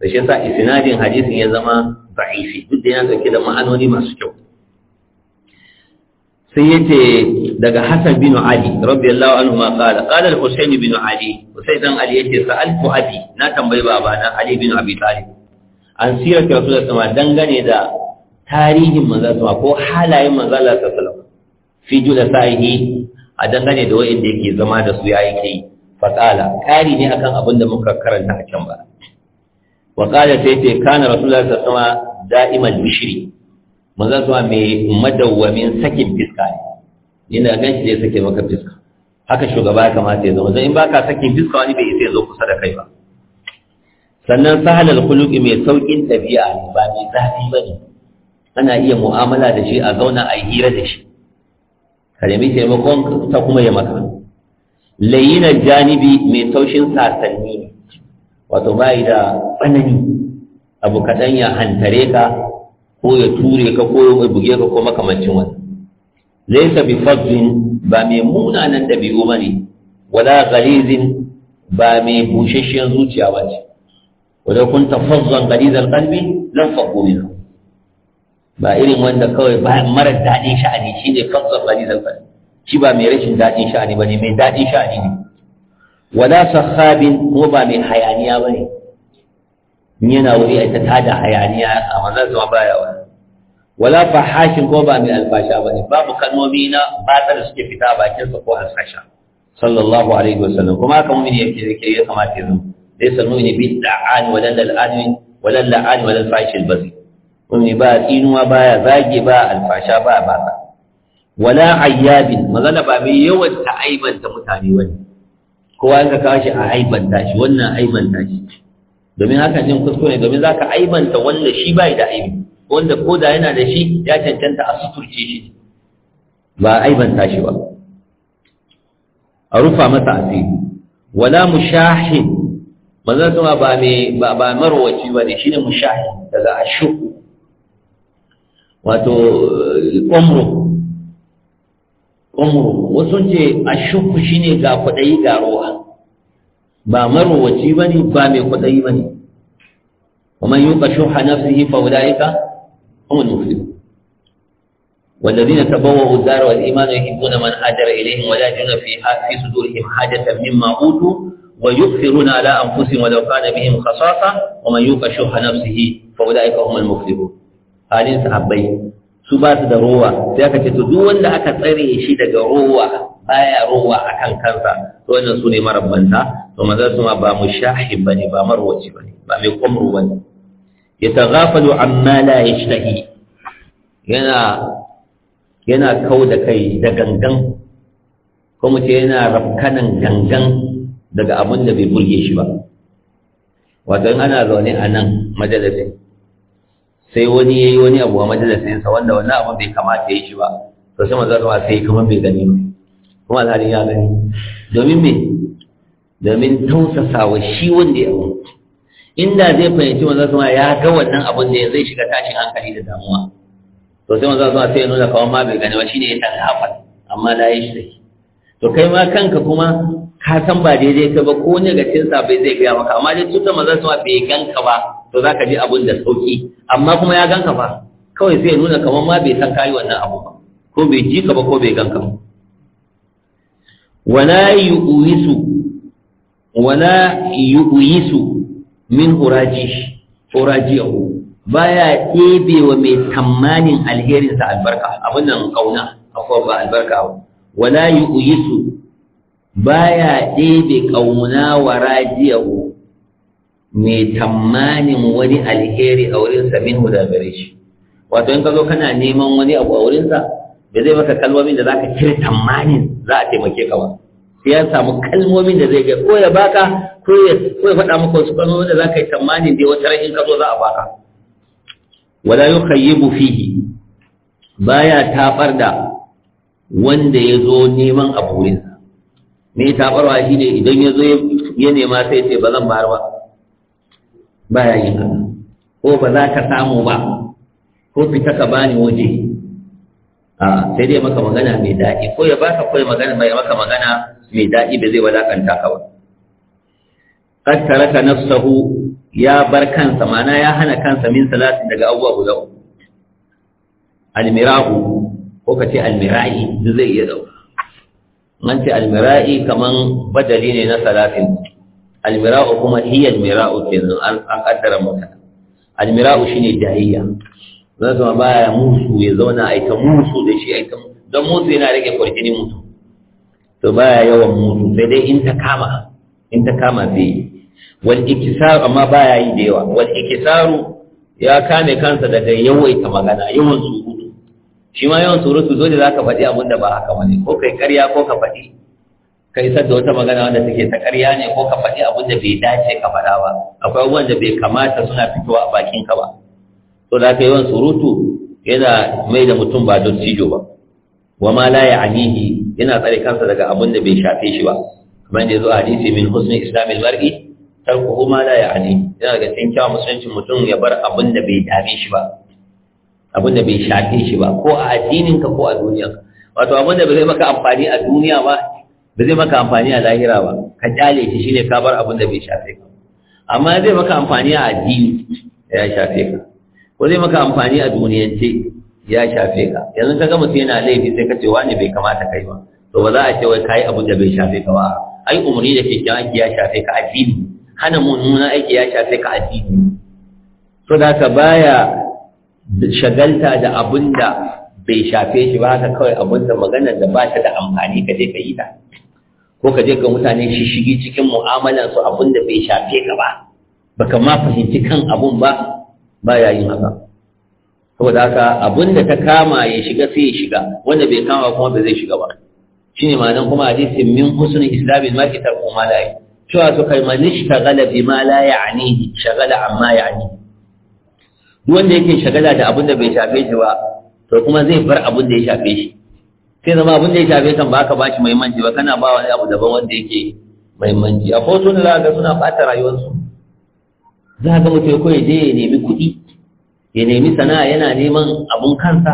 da shi sa isnadin hadisin ya zama da'ifi duk da yana dauke da ma'anoni masu kyau sai yace daga Hassan bin Ali radiyallahu anhu ma qala qala al-Husayn bin Ali sai dan Ali yace sa'altu abi na tambayi babana Ali bin Abi Talib an sirar da sama dangane da tarihin manzo ko halayen manzo Allah sallallahu alaihi wasallam fi julasaihi a dangane da da yake zama da su ya yi yi kari ƙari ne akan abin da muka karanta a can ba wa ƙala sai ce kana rasulullah ta sama da'imal bishiri zan sama mai madawwamin sakin fiska ne gan shi zai sake maka fiska haka shugaba ya kamata ya zama in baka sakin fiska wani bai isa ya zo kusa da kai ba sannan sahalar kuluki mai saukin tabi'a ba mai zafi bane ana iya mu'amala da shi a zauna a yi hira da shi ka nemi taimakon ta kuma ya maka layyina janibi mai taushin sasanni wato bai da tsanani abu kaɗan ya hantare ka ko ya ture ka ko ya buge ka ko makamancin wani Zai sabi fadlin ba mai munanan ɗabi'u ba ne wala galizin ba mai bushashiyar zuciya ba ce wadda kun tafazzon galizar kalbi lan faɗo ba irin wanda kawai ba mara daɗin sha'ani shi ne kamsar qalilan fadl shi ba mai rashin daɗin sha'ani ba ne mai daɗin sha'ani ne wala sahabin ko ba mai hayaniya ba ne yana wuri a ta tada hayaniya a manzan sama baya wani wala fahashin ko ba mai alfasha ba ne babu kalmomi na batar da suke fita bakinsa ko hasasha. sallallahu alaihi wasallam kuma haka mumin ya fi zikiri ya kamata ya zama Sai al ne bid-da'an wala lal-'adwi wala lal-'adwi wala al-fahish wani ba tsinuwa baya zage ba alfasha ba ba wala ayyabin magana ba mai yawan ta aibanta mutane wani kowa ka kawo a aibanta shi wannan aibanta shi domin haka jin kuskure domin za ka aibanta wanda shi bai da aibi wanda ko da yana da shi ya cancanta a suturce shi ba aibanta shi ba a rufa masa asiri wala mushahin manzon ba mai ba marwaci ba ne shine mushahin daga ashuku wato ƙwamro ƙwamro wasu ce a shi ne ga kwaɗayi ga ruwa ba marowaci ne ba mai kudayi bane ومن يوق شح نفسه فاولئك هم المفلحون والذين تبوأوا الدار والإيمان يحبون من هاجر إليهم ولا يجدون في في صدورهم حاجة مما أوتوا ويؤثرون على أنفسهم ولو كان بهم خصاصة ومن يوق شح نفسه kuma هم المفلحون halin sahabbai su ba su da rowa sai aka ce to duk wanda aka tsare shi daga rowa baya rowa akan kansa to wannan su ne marabbanta to maza su ma ba mu shahin bane ba marwaci bane ba mai kwamru bane yataghafalu amma la yashtahi yana yana kau da kai da gangan ko mu ce yana rafkanan gangan daga abin da bai burge shi ba wato in ana zaune a nan majalisin sai wani yayi wani abu a majalisinsa wanda wannan abu bai kamata yi shi ba to sai manzo kuma sai kuma bai gani ba kuma alhali ya gani domin me domin wa shi wanda ya abu inda zai fahimci manzo kuma ya ga wannan abun da zai shiga tashin hankali da damuwa to sai manzo kuma sai ya nuna kawai ma bai gani ba shine ya hafal amma na yi shi to kai ma kanka kuma ka san ba daidai ka ba ko ne ga cin bai zai gaya maka amma dai tutar manzo kuma bai ganka ba to za ka ji abun da sauki amma kuma ya ganka fa kawai zai nuna kamar ma bai san kayi wannan abu ba ko bai ji ka ba ko bai ganka ba wala yu'wisu wala yu'wisu min huraji hurajiyahu baya ɗebewa mai tamanin alherinsa albarka abin nan kauna akwai ba albarka ba wala yu'wisu baya ɗebe kauna wa rajiyahu mai tamanin wani alheri a wurinsa min huda gare shi wato in ka zo kana neman wani abu a wurinsa da zai maka kalmomin da za ka cire tamanin za a taimake ka ba sai ya samu kalmomin da zai ga ko ya baka ko ya faɗa maka wasu kalmomin da za ka yi tamanin da wata rashin ka zo za a baka wala yukhayyibu fihi baya tabar da wanda ya zo neman abu wurinsa me tabarwa shine idan ya zo ya nema sai ce ba zan bayar ba baya yin haka ko ba za ka samu ba ko fita ka bani waje a sai dai maka magana mai daɗi ko ya baka koyi magana mai maka magana mai daɗi da zai wadakanta ka ba qad taraka nafsahu ya bar kansa mana ya hana kansa min salatin daga abubuwa guda uku almirahu ko kace almirai duk zai iya dauka man ce almirai kaman badali ne na salatin almira'u kuma hiya almira'u kenan an kaddara maka almira'u shine dahiya zan zama baya musu ya zauna a ita musu da shi a ita don musu yana rage kwarjini mutu to baya yawan musu, sai dai in ta kama in ta kama zai yi wal ikisaru amma baya yi da yawa wal ikisaru ya kame kansa daga yawaita magana yawan surutu shi ma yawan surutu dole za ka faɗi abin da ba haka bane ko kai ƙarya ko ka faɗi ka isar da wata magana wanda take ta ƙarya ne ko ka faɗi abin da bai dace ka faɗa ba akwai abubuwan da bai kamata suna fitowa a bakin ka ba to da ka yi wani surutu yana mai da mutum ba don cijo ba wa ma la ya'nihi yana tsare kansa daga abin da bai shafe shi ba kamar da yazo hadisi min husni islamil mar'i tarkuhu ma la ya'ni yana daga cikin kyawun musulunci mutum ya bar abin da bai dame shi ba abin da bai shafe shi ba ko a addinin ka ko a duniya wato abin da bai kai maka amfani a duniya ba ba zai maka amfani a lahira ba ka kyale shi shine ka bar abin da bai shafe ka amma zai maka amfani a addini ya shafe ka ko zai maka amfani a duniyance ya shafe ka yanzu ka ga mutum yana laifi sai ka ce wani bai kamata kai ba to ba za a ce wai kai abin da bai shafe ka ba ai umarni da kyakkyawan aiki ya shafe ka addini hana mummunan aiki ya shafe ka addini to da ka baya shagalta da abin da bai shafe shi ba haka kawai abin da maganar da ba ta da amfani ka je ka yi ta ko ka je ga mutane shishigi cikin mu'amalan su abin da bai shafe ka ba baka ma fahimci kan abun ba ba yayin haka saboda haka abin da ta kama ya shiga sai ya shiga wanda bai kama kuma ba zai shiga ba ne ma'anan kuma jisim min husnul islamin ma tarko kuma la cewa su kai shagala, ishtagala bima la ya'nihi shagala amma ya'nihi duk wanda yake shagala da abin da bai shafe shi ba to kuma zai bar abin da ya shafe shi sai zama abin da ya shafe kan ba ka ba shi muhimmanci ba kana ba wani abu daban wanda yake muhimmanci a fosu ne ga suna ɓata rayuwarsu za ga mutum ko ya je ya nemi kuɗi ya nemi sana'a yana neman abun kansa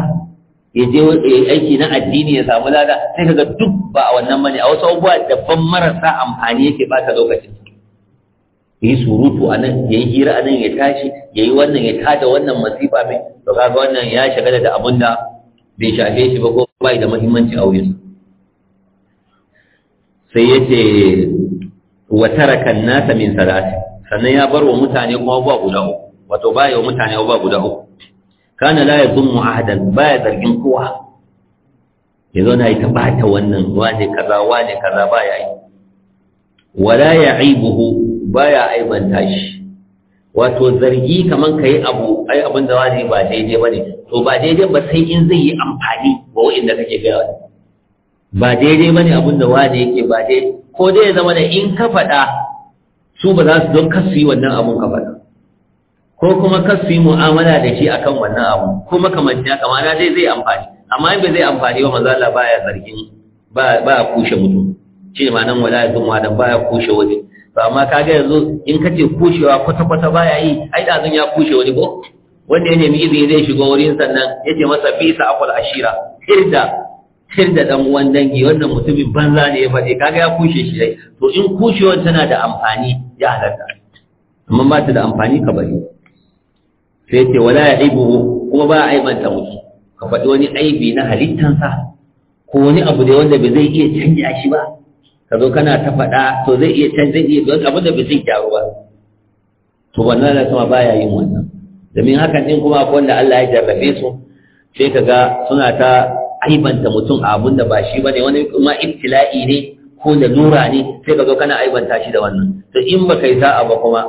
ya je aiki na addini ya samu lada sai kaga duk ba a wannan bane a wasu abubuwa daban marasa amfani yake bata lokacin ya yi surutu a nan ya yi hira a nan ya tashi ya yi wannan ya tada wannan masifa mai to kaga wannan ya shagala da abun da bai shafe shi ba ko bai da muhimmanci a wurin sai yace wa taraka nasa min salati sannan ya bar wa mutane kuma ba guda uku wato ba ya mutane ba guda uku kana la zumu ahadan ba ya zargin kowa ya zo na yi ta bata wannan wane kaza wane kaza ba ya yi wala ya aibuhu ba ya aibanta shi wato zargi kaman ka yi abu ai abin da wani ba daidai ba ne to ba daidai ba sai in zai yi amfani wa wa'inda kake gaya ba daidai ba ne abin da wani yake ba dai ko dai ya zama da in ka faɗa su ba za su don kasu yi wannan abun ka faɗa ko kuma kasu yi mu'amala da shi akan wannan abu kuma kamar ya kamana dai zai amfani amma in bai zai amfani ba maza Allah baya zargin ba ya kushe mutum shi ma nan wala ya zuma da baya kushe wani ma amma kaga yanzu in kace kushewa kwata kwata baya yi ai da zan ya kushe wani ko wanda ya nemi izini zai shiga wurin sannan yace masa bisa akwal ashira irda irda dan uwan dangi wannan mutumin banza ne ya faɗi kaga ya kushe shi dai to in kushewar tana da amfani ya halatta amma ba ta da amfani ka bari sai ce wala ya aibu kuma ba aibanta mutu ka faɗi wani aibi na halittansa ko wani abu da wanda bai zai iya canja shi ba ka zo kana ta faɗa to zai iya can zai iya don abin da bai zai gyaru ba to wannan da sama baya yin wannan domin hakan din kuma akwai wanda Allah ya jarrabe su sai ka ga suna ta aibanta mutum a abin da ba shi bane wani kuma ibtila'i ne ko lalura ne sai ka zo kana aibanta shi da wannan to in ba kai sa'a ba kuma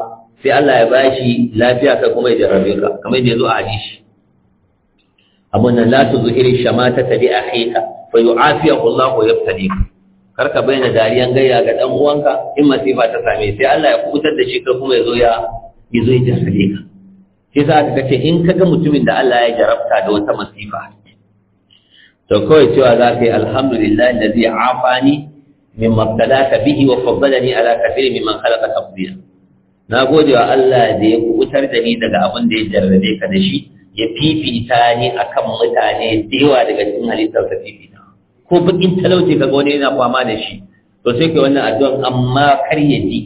sai Allah ya bashi lafiya kai kuma ya jarrabe ka kamar yadda ya zo a hadisi abun nan la tuzhiri shamata tabi ahika fa yu'afiyahu Allah wa yabtalika kar ka bayyana dariyan gayya ga dan uwanka in masifa ta same sai Allah ya kubutar da shi ka kuma ya zo ya ya zo ya jarrabe ka sai za ka ce in ka ga mutumin da Allah ya jarabta da wata masifa to kawai cewa za ka yi alhamdulillah allazi afani min mabtalaka bihi wa faddalani ala kathirin mimman khalaqa tafdila na gode wa Allah da ya kubutar da ni daga abin da ya jarrabe ka da shi ya fifita ni akan mutane da yawa daga cikin halittar ta fifita ko bakin talauci kaga wani yana fama da shi to sai kai wannan addu'a amma kar ya ji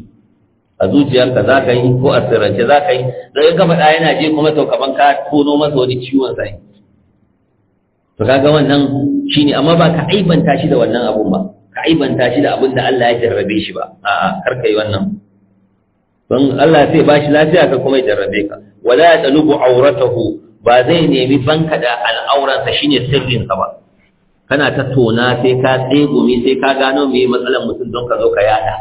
a zuciyarka za ka yi ko a sirrance za ka yi da ya gaba yana je kuma to kaman ka tono masa wani ciwon sai to kaga wannan shine amma ba ka aibanta shi da wannan abun ba ka aibanta shi da abin da Allah ya jarrabe shi ba a'a kar ka yi wannan don Allah sai ba shi lafiya ka kuma ya jarrabe ka wala ya talubu auratahu ba zai nemi banka da al'auransa shine sirrinsa ba kana ta tona sai ka tsegumi sai ka gano me matsalan mutum don ka zo ka yada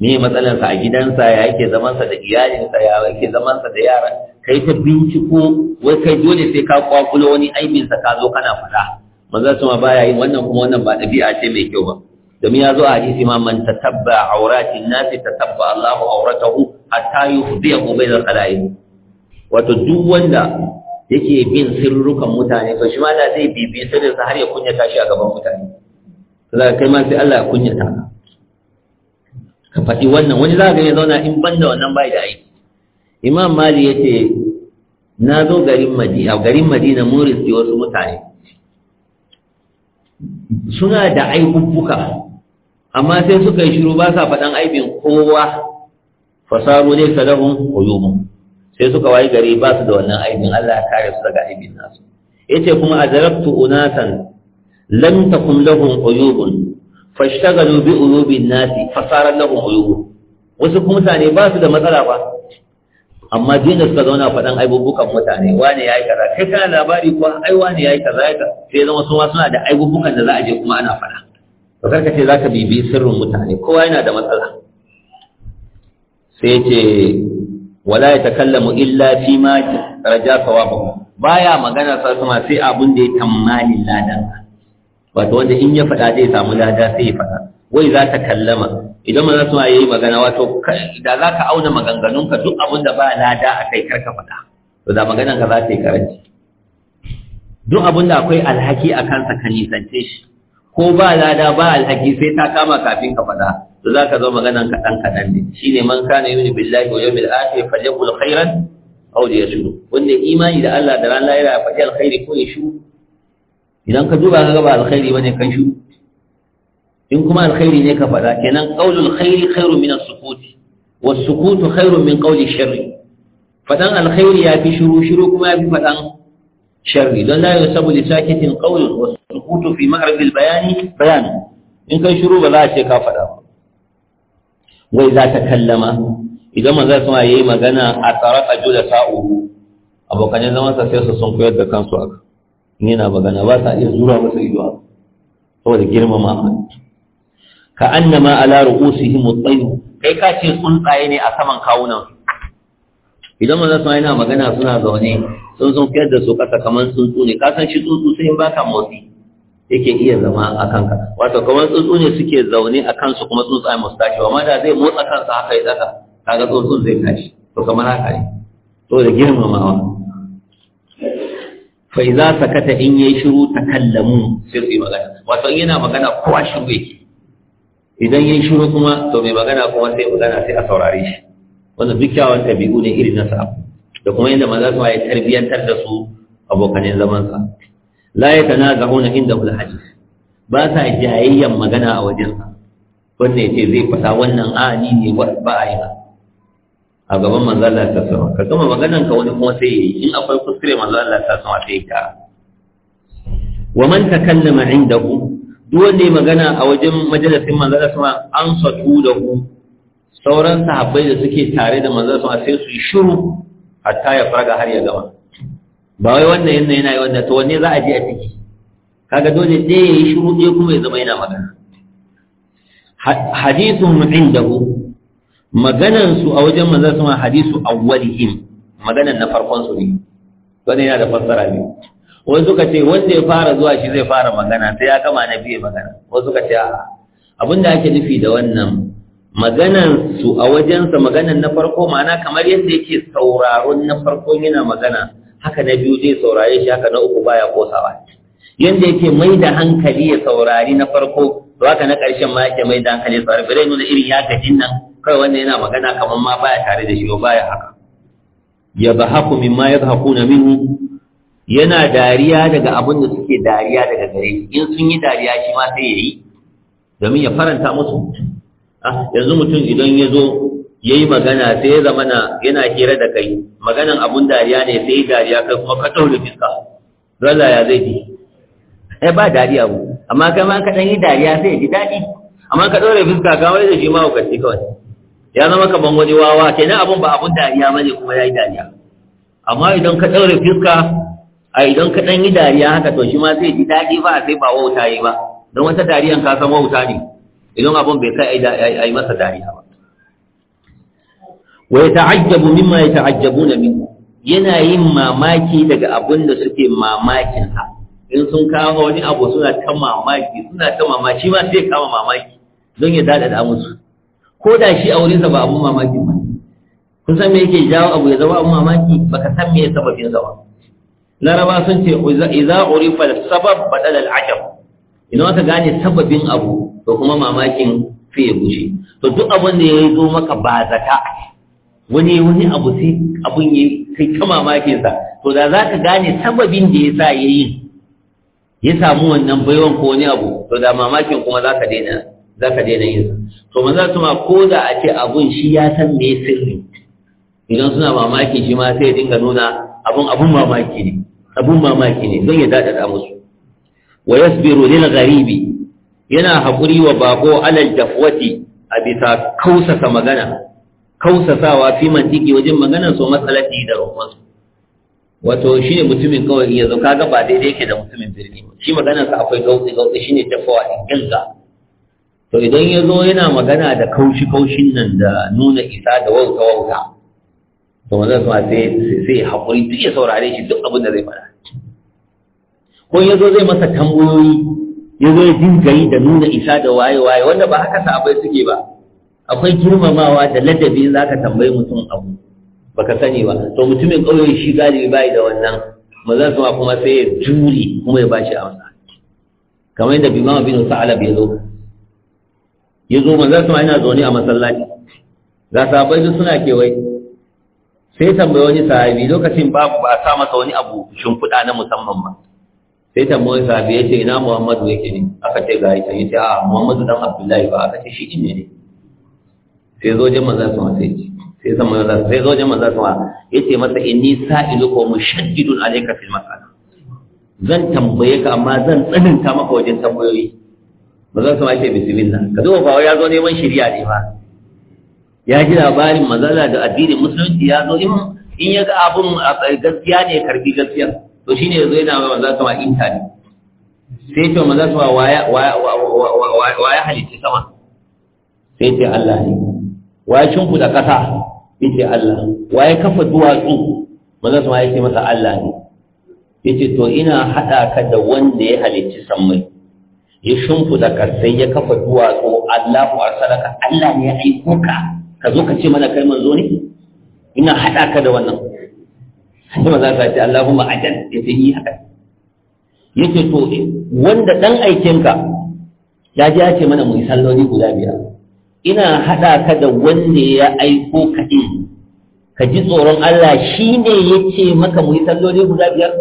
me matsalarsa a gidansa ya yake zamansa da iyalinsa ya yake zamansa da yara kai ta binciko wai kai dole sai ka kwakulo wani aibinsa ka zo kana fada manzon sama baya yin wannan kuma wannan ba ɗabi'a ce mai kyau ba domin ya zo a hadisi ma man tatabba auratin nasi tatabba Allahu auratahu hatta yuhdiyahu bayna al qalaim wato duk wanda yake bin sirrukan mutane to shi ma Allah zai bibiye sirrin sa har ya kunyata shi a gaban mutane ka kai ma sai Allah ya kunyata ka ka faɗi wannan wani za ka gani zauna in banda wannan bai da aiki Imam Mali yace na zo garin Madina garin Madina mun riski wasu mutane suna da aibubbuka amma sai suka yi shiru ba sa faɗan aibin kowa fasaru ne sadahun uyubun sai suka wayi gari ba su da wannan aibin Allah ya kare su daga aibin nasu yace kuma adrabtu unatan lam takum lahum uyubun fashtagalu bi uyubin nasi fasara lahum uyubu. wasu kuma mutane ba su da matsala ba amma dinda suka zauna faɗan aibubukan mutane wane ya yi kaza kai kana labari ko ai wane ya yi kaza sai zama su ma suna da aibubukan da za a je kuma ana faɗa to karka ce za ka bibi sirrin mutane kowa yana da matsala sai ce wala ya takallamu illa fi ma raja sawabahu baya magana sa kuma sai abun da ya tammani ladan wato wanda in ya faɗa zai samu lada sai ya faɗa wai za ta kallama idan maza suna yayi magana wato da za ka auna maganganunka duk abun da ba lada a kai karka faɗa to da maganan ka za ta yi karanci duk abun da akwai alhaki a kansa ka nisance shi ko ba lada ba alhaki sai ta kama kafin ka faɗa to za ka zo maganan kaɗan kaɗan ne shi ne man kana yuni billahi wa yawmil akhir falyakul khairan aw liyashkur wanda imani da Allah da ran lahira ya faɗi alkhairi ko ya shuru idan ka duba ka ga ba alkhairi bane kan shu in kuma alkhairi ne ka faɗa kenan qaulul khairi khairun min as-sukut was sukut khairun min qauli sharri fadan alkhairi ya fi shuru shuru kuma ya fi fadan sharri don la yusabu li sakitin qaulun was sukut fi ma'rif bayani bayan bayan in kai shuru ba za a ce ka faɗa ba wai za ta kallama idan manzo ya yayi magana a taraka jula sa'u abokan zaman sa sai su sun koyar da kansu haka ni na magana ba sa iya zura masa ido saboda girmama ka annama ala ru'usihim at-tayr kai ka ce tsuntsaye ne a saman kawunan idan manzo sama yana magana suna zaune sun sun koyar da su kasa kamar tsuntsu ne ka san shi tsuntsu sai in baka motsi yake iya zama a kanka wato kamar tsuntsu ne suke zaune a kansu kuma ai musu tashi amma da zai motsa kansa haka ya ka kaga tsuntsun zai tashi to kamar haka ne to da girmamawa fa idza sakata in yayi shiru takallamu sai su magana wato in yana magana kowa shiru yake idan yayi shiru kuma to mai magana kuma sai magana sai a saurare shi wannan duk tabi'u ne irin nasa da kuma yadda maza su ya tarbiyantar da su abokanin zaman sa la ya tanazahuna inda kula hadith ba sa jayayyan magana a wajensa ya ce zai fasa wannan ani ne ba a yi ba a gaban manzo Allah ta sama ka gama maganan ka wani kuma sai yi. in akwai kuskure manzo Allah ta sama sai ya wa man takallama indahu duk wanda ya magana a wajen majalisin manzo Allah sama an satu da ku sauran sahabbai da suke tare da manzo Allah sai su shiru hatta ya fara har ya gama ba wai wannan yana yana yi wannan to wanne za a je a ciki kaga dole sai ya yi shiru ɗaya kuma ya zama yana magana hadithun indahu maganan su a wajen manzon sama hadisu awwalihim maganan na farkon su ne wannan yana da fassara ne wasu suka ce wanda ya fara zuwa shi zai fara magana sai ya kama na biye magana wasu suka ce a'a abin da ake nufi da wannan maganan su a wajensa maganan na farko ma'ana kamar yadda yake sauraron na farkon yana magana haka na biyu zai saurare shi haka na uku baya kosawa yanda yake mai da hankali ya saurari na farko to haka na ƙarshen ma yake mai da hankali ya saurari bare nuna irin ya gajin nan kai wanda yana magana kamar ma baya tare da shi ba baya haka ya zahaku mimma ya minhu yana dariya daga abin da suke dariya daga gare shi in sun yi dariya shi ma sai yayi. domin ya faranta musu ah, yanzu mutum idan ya zo ya yi magana sai ya zamana yana hira da kai maganan abun dariya ne sai dariya kai kuma ka ɗaure fiska dole ya zai ji ai ba dariya mu amma kai ma ka dan yi dariya sai ya ji daɗi amma ka ɗaure fiska ka wani da shi ma hukaci kawai ya zama kaman wani wawa kenan abun ba abun dariya ba ne kuma ya yi dariya amma idan ka ɗaure fiska a idan ka dan yi dariya haka to shi ma sai ji daɗi ba sai ba wauta yi ba don wata dariyan ka san wauta ne idan abun bai kai a yi masa dariya ba wa ta'ajjabu mimma na minhu yana yin mamaki daga abin da suke mamakin ha in sun kawo wani abu suna ta mamaki suna ta mamaki ma sai kama mamaki don ya dada da musu ko da shi a sa ba abun mamaki ba kun san me yake jawo abu ya zama abun mamaki baka san me sababin sa laraba sun ce iza urifa sabab badal ajab idan aka gane sababin abu to kuma mamakin sai ya gushe to duk abin da ya zo maka ba zata wani wani abu sai abun ya kai ta mamakin sa to da za ka gane sababin da ya sa ya yi ya samu wannan baiwan ko wani abu to da mamakin kuma za ka daina za ka daina yin to maza su ma ko da a ce abun shi ya san me sirri idan suna mamaki shi ma sai ya dinga nuna abun abun mamaki ne abun mamaki ne don ya daɗaɗa musu wa yasbiru lil gharibi yana haƙuri wa bako alal jafwati a bisa kausasa magana kausasawa fi mantiki wajen maganar so matsalar da roƙonsu wato shi ne mutumin kawai iya zo kaga ba daidai yake da mutumin birni shi maganarsa akwai gautsi gautsi shi ne tafawa inganza to idan ya zo yana magana da kaushi kaushin nan da nuna isa da wauta wauta to maza su ma sai haƙuri duk ya saurare shi duk abin da zai faɗa ko ya zo zai masa tambayoyi ya zo ya dinga yi da nuna isa da waye waye wanda ba haka sa abai suke ba akwai girmamawa da ladabi za ka tambayi mutum abu ba ka sani ba to mutumin ƙauye shi galibi bai da wannan manzon sama kuma sai ya jure kuma ya bashi amsa kamar yadda bimama binu sa'ala ya zo ya zo manzon sama yana zaune a masallaci ga sahabbai duk suna kewai. sai tambayi wani sahabi lokacin babu ba a sa masa wani abu shimfiɗa na musamman ba sai wani sahabi ya ce ina muhammadu yake ne aka ce ga ita ya ce a muhammadu dan abdullahi ba aka ce shi ne ne sai zo jin manzon sama sai ce sai san manzon sai zo jin manzon sama ce masa inni sa'iluka mushaddidun alayka fil mas'ala zan tambaye ka amma zan tsananta maka wajen tambayoyi manzon sama ce bismillah ka zo ba ya zo neman shiriya ne ba ya ji labarin mazala da addinin musulunci ya zo in in ya ga abun gaskiya ne karbi gaskiya to shine yazo yana ma manzon sama intani sai ce manzon sama wa ya waya halitta sama sai ce Allah ne wa ya shimfiɗa ƙasa yace Allah Waye kafa duwatsu manzon sama yake masa Allah ne yace to ina haɗa ka da wanda ya halicci sammai ya shimfiɗa karsai ya kafa duwatsu Allahu arsalaka Allah ne ya aiko ka ka zo ka ce mana kai manzo ne ina haɗa ka da wannan sai maza ta ce Allahumma ajal yace yi haka yace to wanda dan aikinka ya ji ya ce mana mu yi salloli guda biyar ina haɗa ka da wanda ya aiko ka ɗin ka ji tsoron Allah shi ne ya ce maka mu yi salloli guda biyar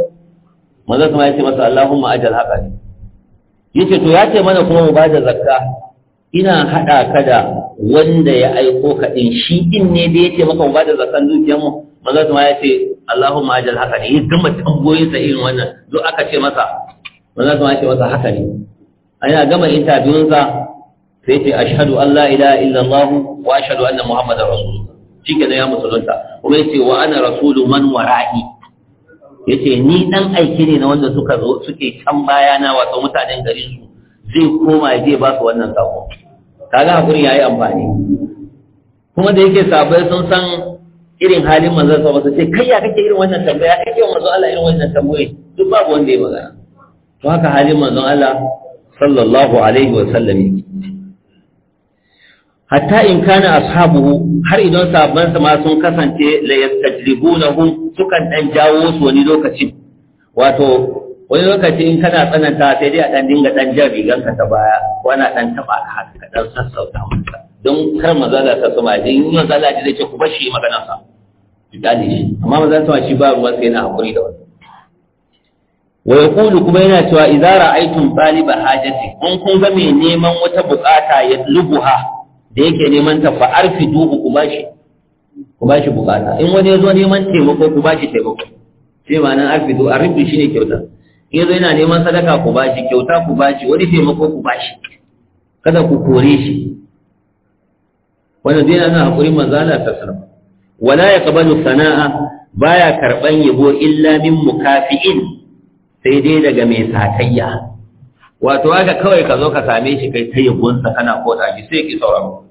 manzo kuma ya ce masa Allahumma ajal haka ne Ya ce to ya ce mana kuma mu ba da zakka ina haɗa ka da wanda ya aiko ka ɗin shi ɗin ne da ya ce maka mu ba da zakkan dukiyar mu manzo kuma ya ce Allahumma ajal haka ne ya gama sa irin wannan duk aka ce masa manzo kuma ya ce masa haka ne ana gama interview sa sai ce ashhadu Allah la ilaha illallah wa ashhadu anna muhammadar rasulullah shike da ya musulunta kuma ya ce wa ana rasulu man wara'i ce ni dan aiki ne na wanda suka zo suke can bayana na wato mutanen garin su zai koma ya je ba su wannan sako kaga hakuri ya yi amfani kuma da yake sabai sun san irin halin manzon sa wasu sai kai ya kake irin wannan tambaya kake manzon Allah irin wannan tambaye duk babu wanda ya magana to haka halin manzon Allah sallallahu alaihi wa sallam hatta in kana ashabuhu har idan sahabbansa ma sun kasance la yastajlibunahu sukan dan jawo su wani lokaci wato wani lokaci in kana tsananta sai dai a dan dinga dan jan ka ta baya ko ana dan taba ka haka ka dan sassauta masa don kar mazala ta suma din in mazala ji zai ku bashi magana sa idani shi amma mazala ta shi ba ruwan sai na hakuri da wannan wa yaqulu kuma yana cewa idza ra'aytum taliba hajati kun kun ga mai neman wata bukata ya lubuha da yake neman ta fa arfidu ku bashi ku bashi bukata in wani yazo neman taimako ku bashi taimako sai ma nan arfidu arfi shine kyauta in yazo yana neman sadaka ku bashi kyauta ku bashi wani taimako ku bashi kada ku kore shi wannan dai yana hakurin manzo Allah sallallahu alaihi wasallam wala yaqbalu sana'a baya karban yabo illa min mukafi'in sai dai daga mai sakayya wato haka kawai ka zo ka same shi kai ta yabonsa kana koda shi sai ki sauraro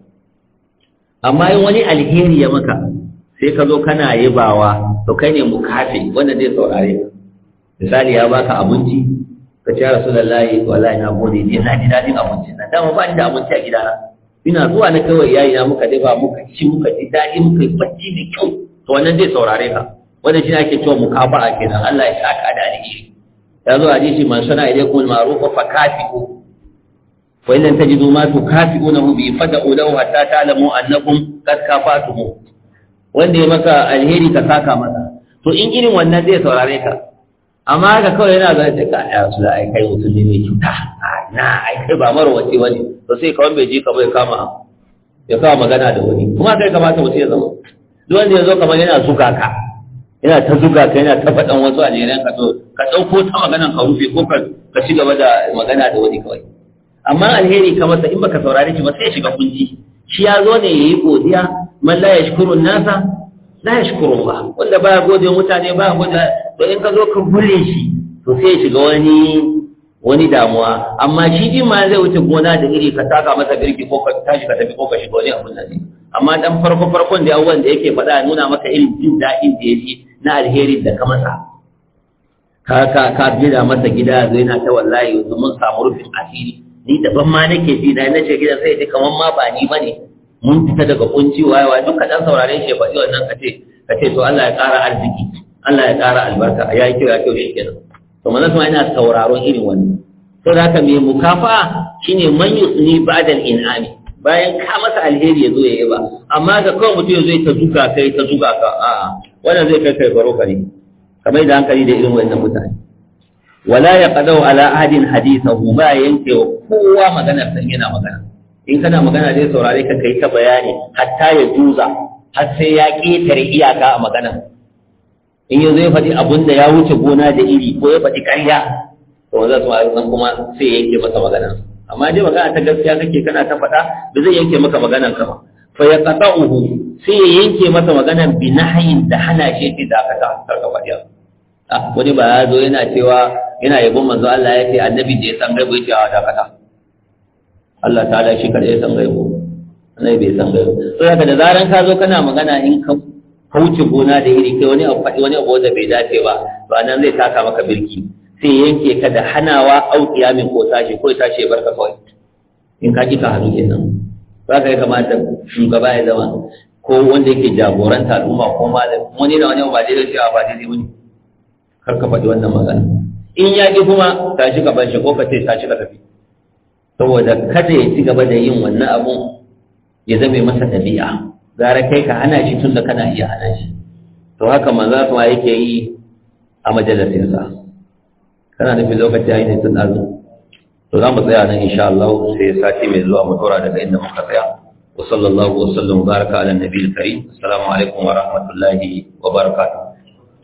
amma in wani alheri ya maka sai ka zo kana yabawa to kai ne mu mukafi wanda zai saurare ka misali ya baka abinci ka ce rasulullahi wallahi na gode ne na ji dadin abincin na dama ba ni da abinci a gidana ina zuwa na kawai yayi na muka dai muka ci muka ji dadi muka yi bacci mai kyau to wannan zai saurare ka wannan shi ake cewa mukafa'a kenan Allah ya saka da alheri ya zo hadisi man sana ilaykum al-ma'ruf fa kafi'u fa illam tajidu ma tukafi'unahu bi fada'u law hatta ta'lamu annakum qad kafatuhu wanda ya maka alheri ka saka masa to in irin wannan zai saurare ka amma haka kawai yana zai ta ka ya su da ai kai mutum ne mai cuta ah, na ai kai ba marwaci wani to sai kawai bai ji ka bai kama ya kawo magana da wani kuma kai kamata mutum ya zama duk wanda ya zo kamar yana zuga ka yana ta zuga ka yana ta faɗan wasu a jeren ka to ka ɗauko ta maganan ka rufe ko ka ci gaba da magana da wani kawai amma alheri ka masa in baka saurare shi ba sai shiga kunji. shi ya zo ne yayi godiya man la yashkuru nasa la yashkuru ba wanda ba gode mutane ba gode to in ka zo ka bule shi to sai shiga wani wani damuwa amma shi din ma zai wuce gona da iri ka taka masa birki ko ka tashi ka tafi ko ka shiga wani abun ne amma dan farko farkon da abubuwan da yake faɗa nuna maka irin jin daɗin da yake na alherin da ka masa ka ka ka gida masa gida zai na ta wallahi yanzu mun samu rufin asiri ni daban ma nake ji na nace gida sai ji kamar ma ba ni bane mun fita daga kunci waye duka dan sauraren shi ya faɗi wannan ka ce to Allah ya ƙara arziki Allah ya ƙara albarka ya yi kyau ya shi kenan to manzon yana sauraron irin wannan to da haka mai mukafa shine man yusni ba'da al-in'ami bayan ka masa alheri ya zo ya yi ba amma ga kawai mutum ya zo ya ta zuga kai ta zuga ka a'a wannan zai kai kai baro ne kamar da hankali da irin wannan mutane wala ya qadau ala ahadin hadithahu ba yanke wa kowa magana san yana magana in kana magana zai saurare ka kai ta bayani hatta ya duza har sai ya ketare iyaka a magana in yanzu ya faɗi abunda da ya wuce gona da iri ko ya faɗi ƙarya to wanda su ma'aikatan kuma sai ya yanke masa magana amma dai magana ta gaskiya kake kana ta faɗa ba zai yanke maka maganan ka ba fa ya qata'uhu sai ya yanke masa maganan bi nahyin da hana shi da aka ta karka faɗi Ah, wani ba ya zo yana cewa yana yabon manzo Allah ya ce annabi da ya san gaibu ya ce a ah, dakata Allah ta da shi kada ya san gaibu annabi bai san gaibu so haka da zaran ka zo kana magana in ka kauce gona da iri kai wani abu faɗi wani abu da bai dace ba to nan zai taka maka birki sai yanke ka da hanawa au qiyamin ko tashi ko tashi ya barka kawai in ka ji ka hannu kenan ba ka yi kamata shugaba ya zama ko wanda yake jagoranta al'umma ko malam wani da wani ba daidai cewa ah, ba daidai wani kar ka faɗi wannan magana in ya ƙi kuma tashi ka bar shi ko ka ce tashi ka tafi saboda kada ya ci gaba da yin wannan abun ya zame masa ɗabi'a gara kai ka hana shi tun da kana iya hana shi to haka manzo ma yake yi a majalisinsa kana nufin lokaci ya yi ne tun ɗazu to za mu tsaya nan insha Allah sai sati mai zuwa mu tura daga inda muka tsaya wa sallallahu wa sallam baraka ala nabiyil karim assalamu alaikum wa rahmatullahi wa barakatuh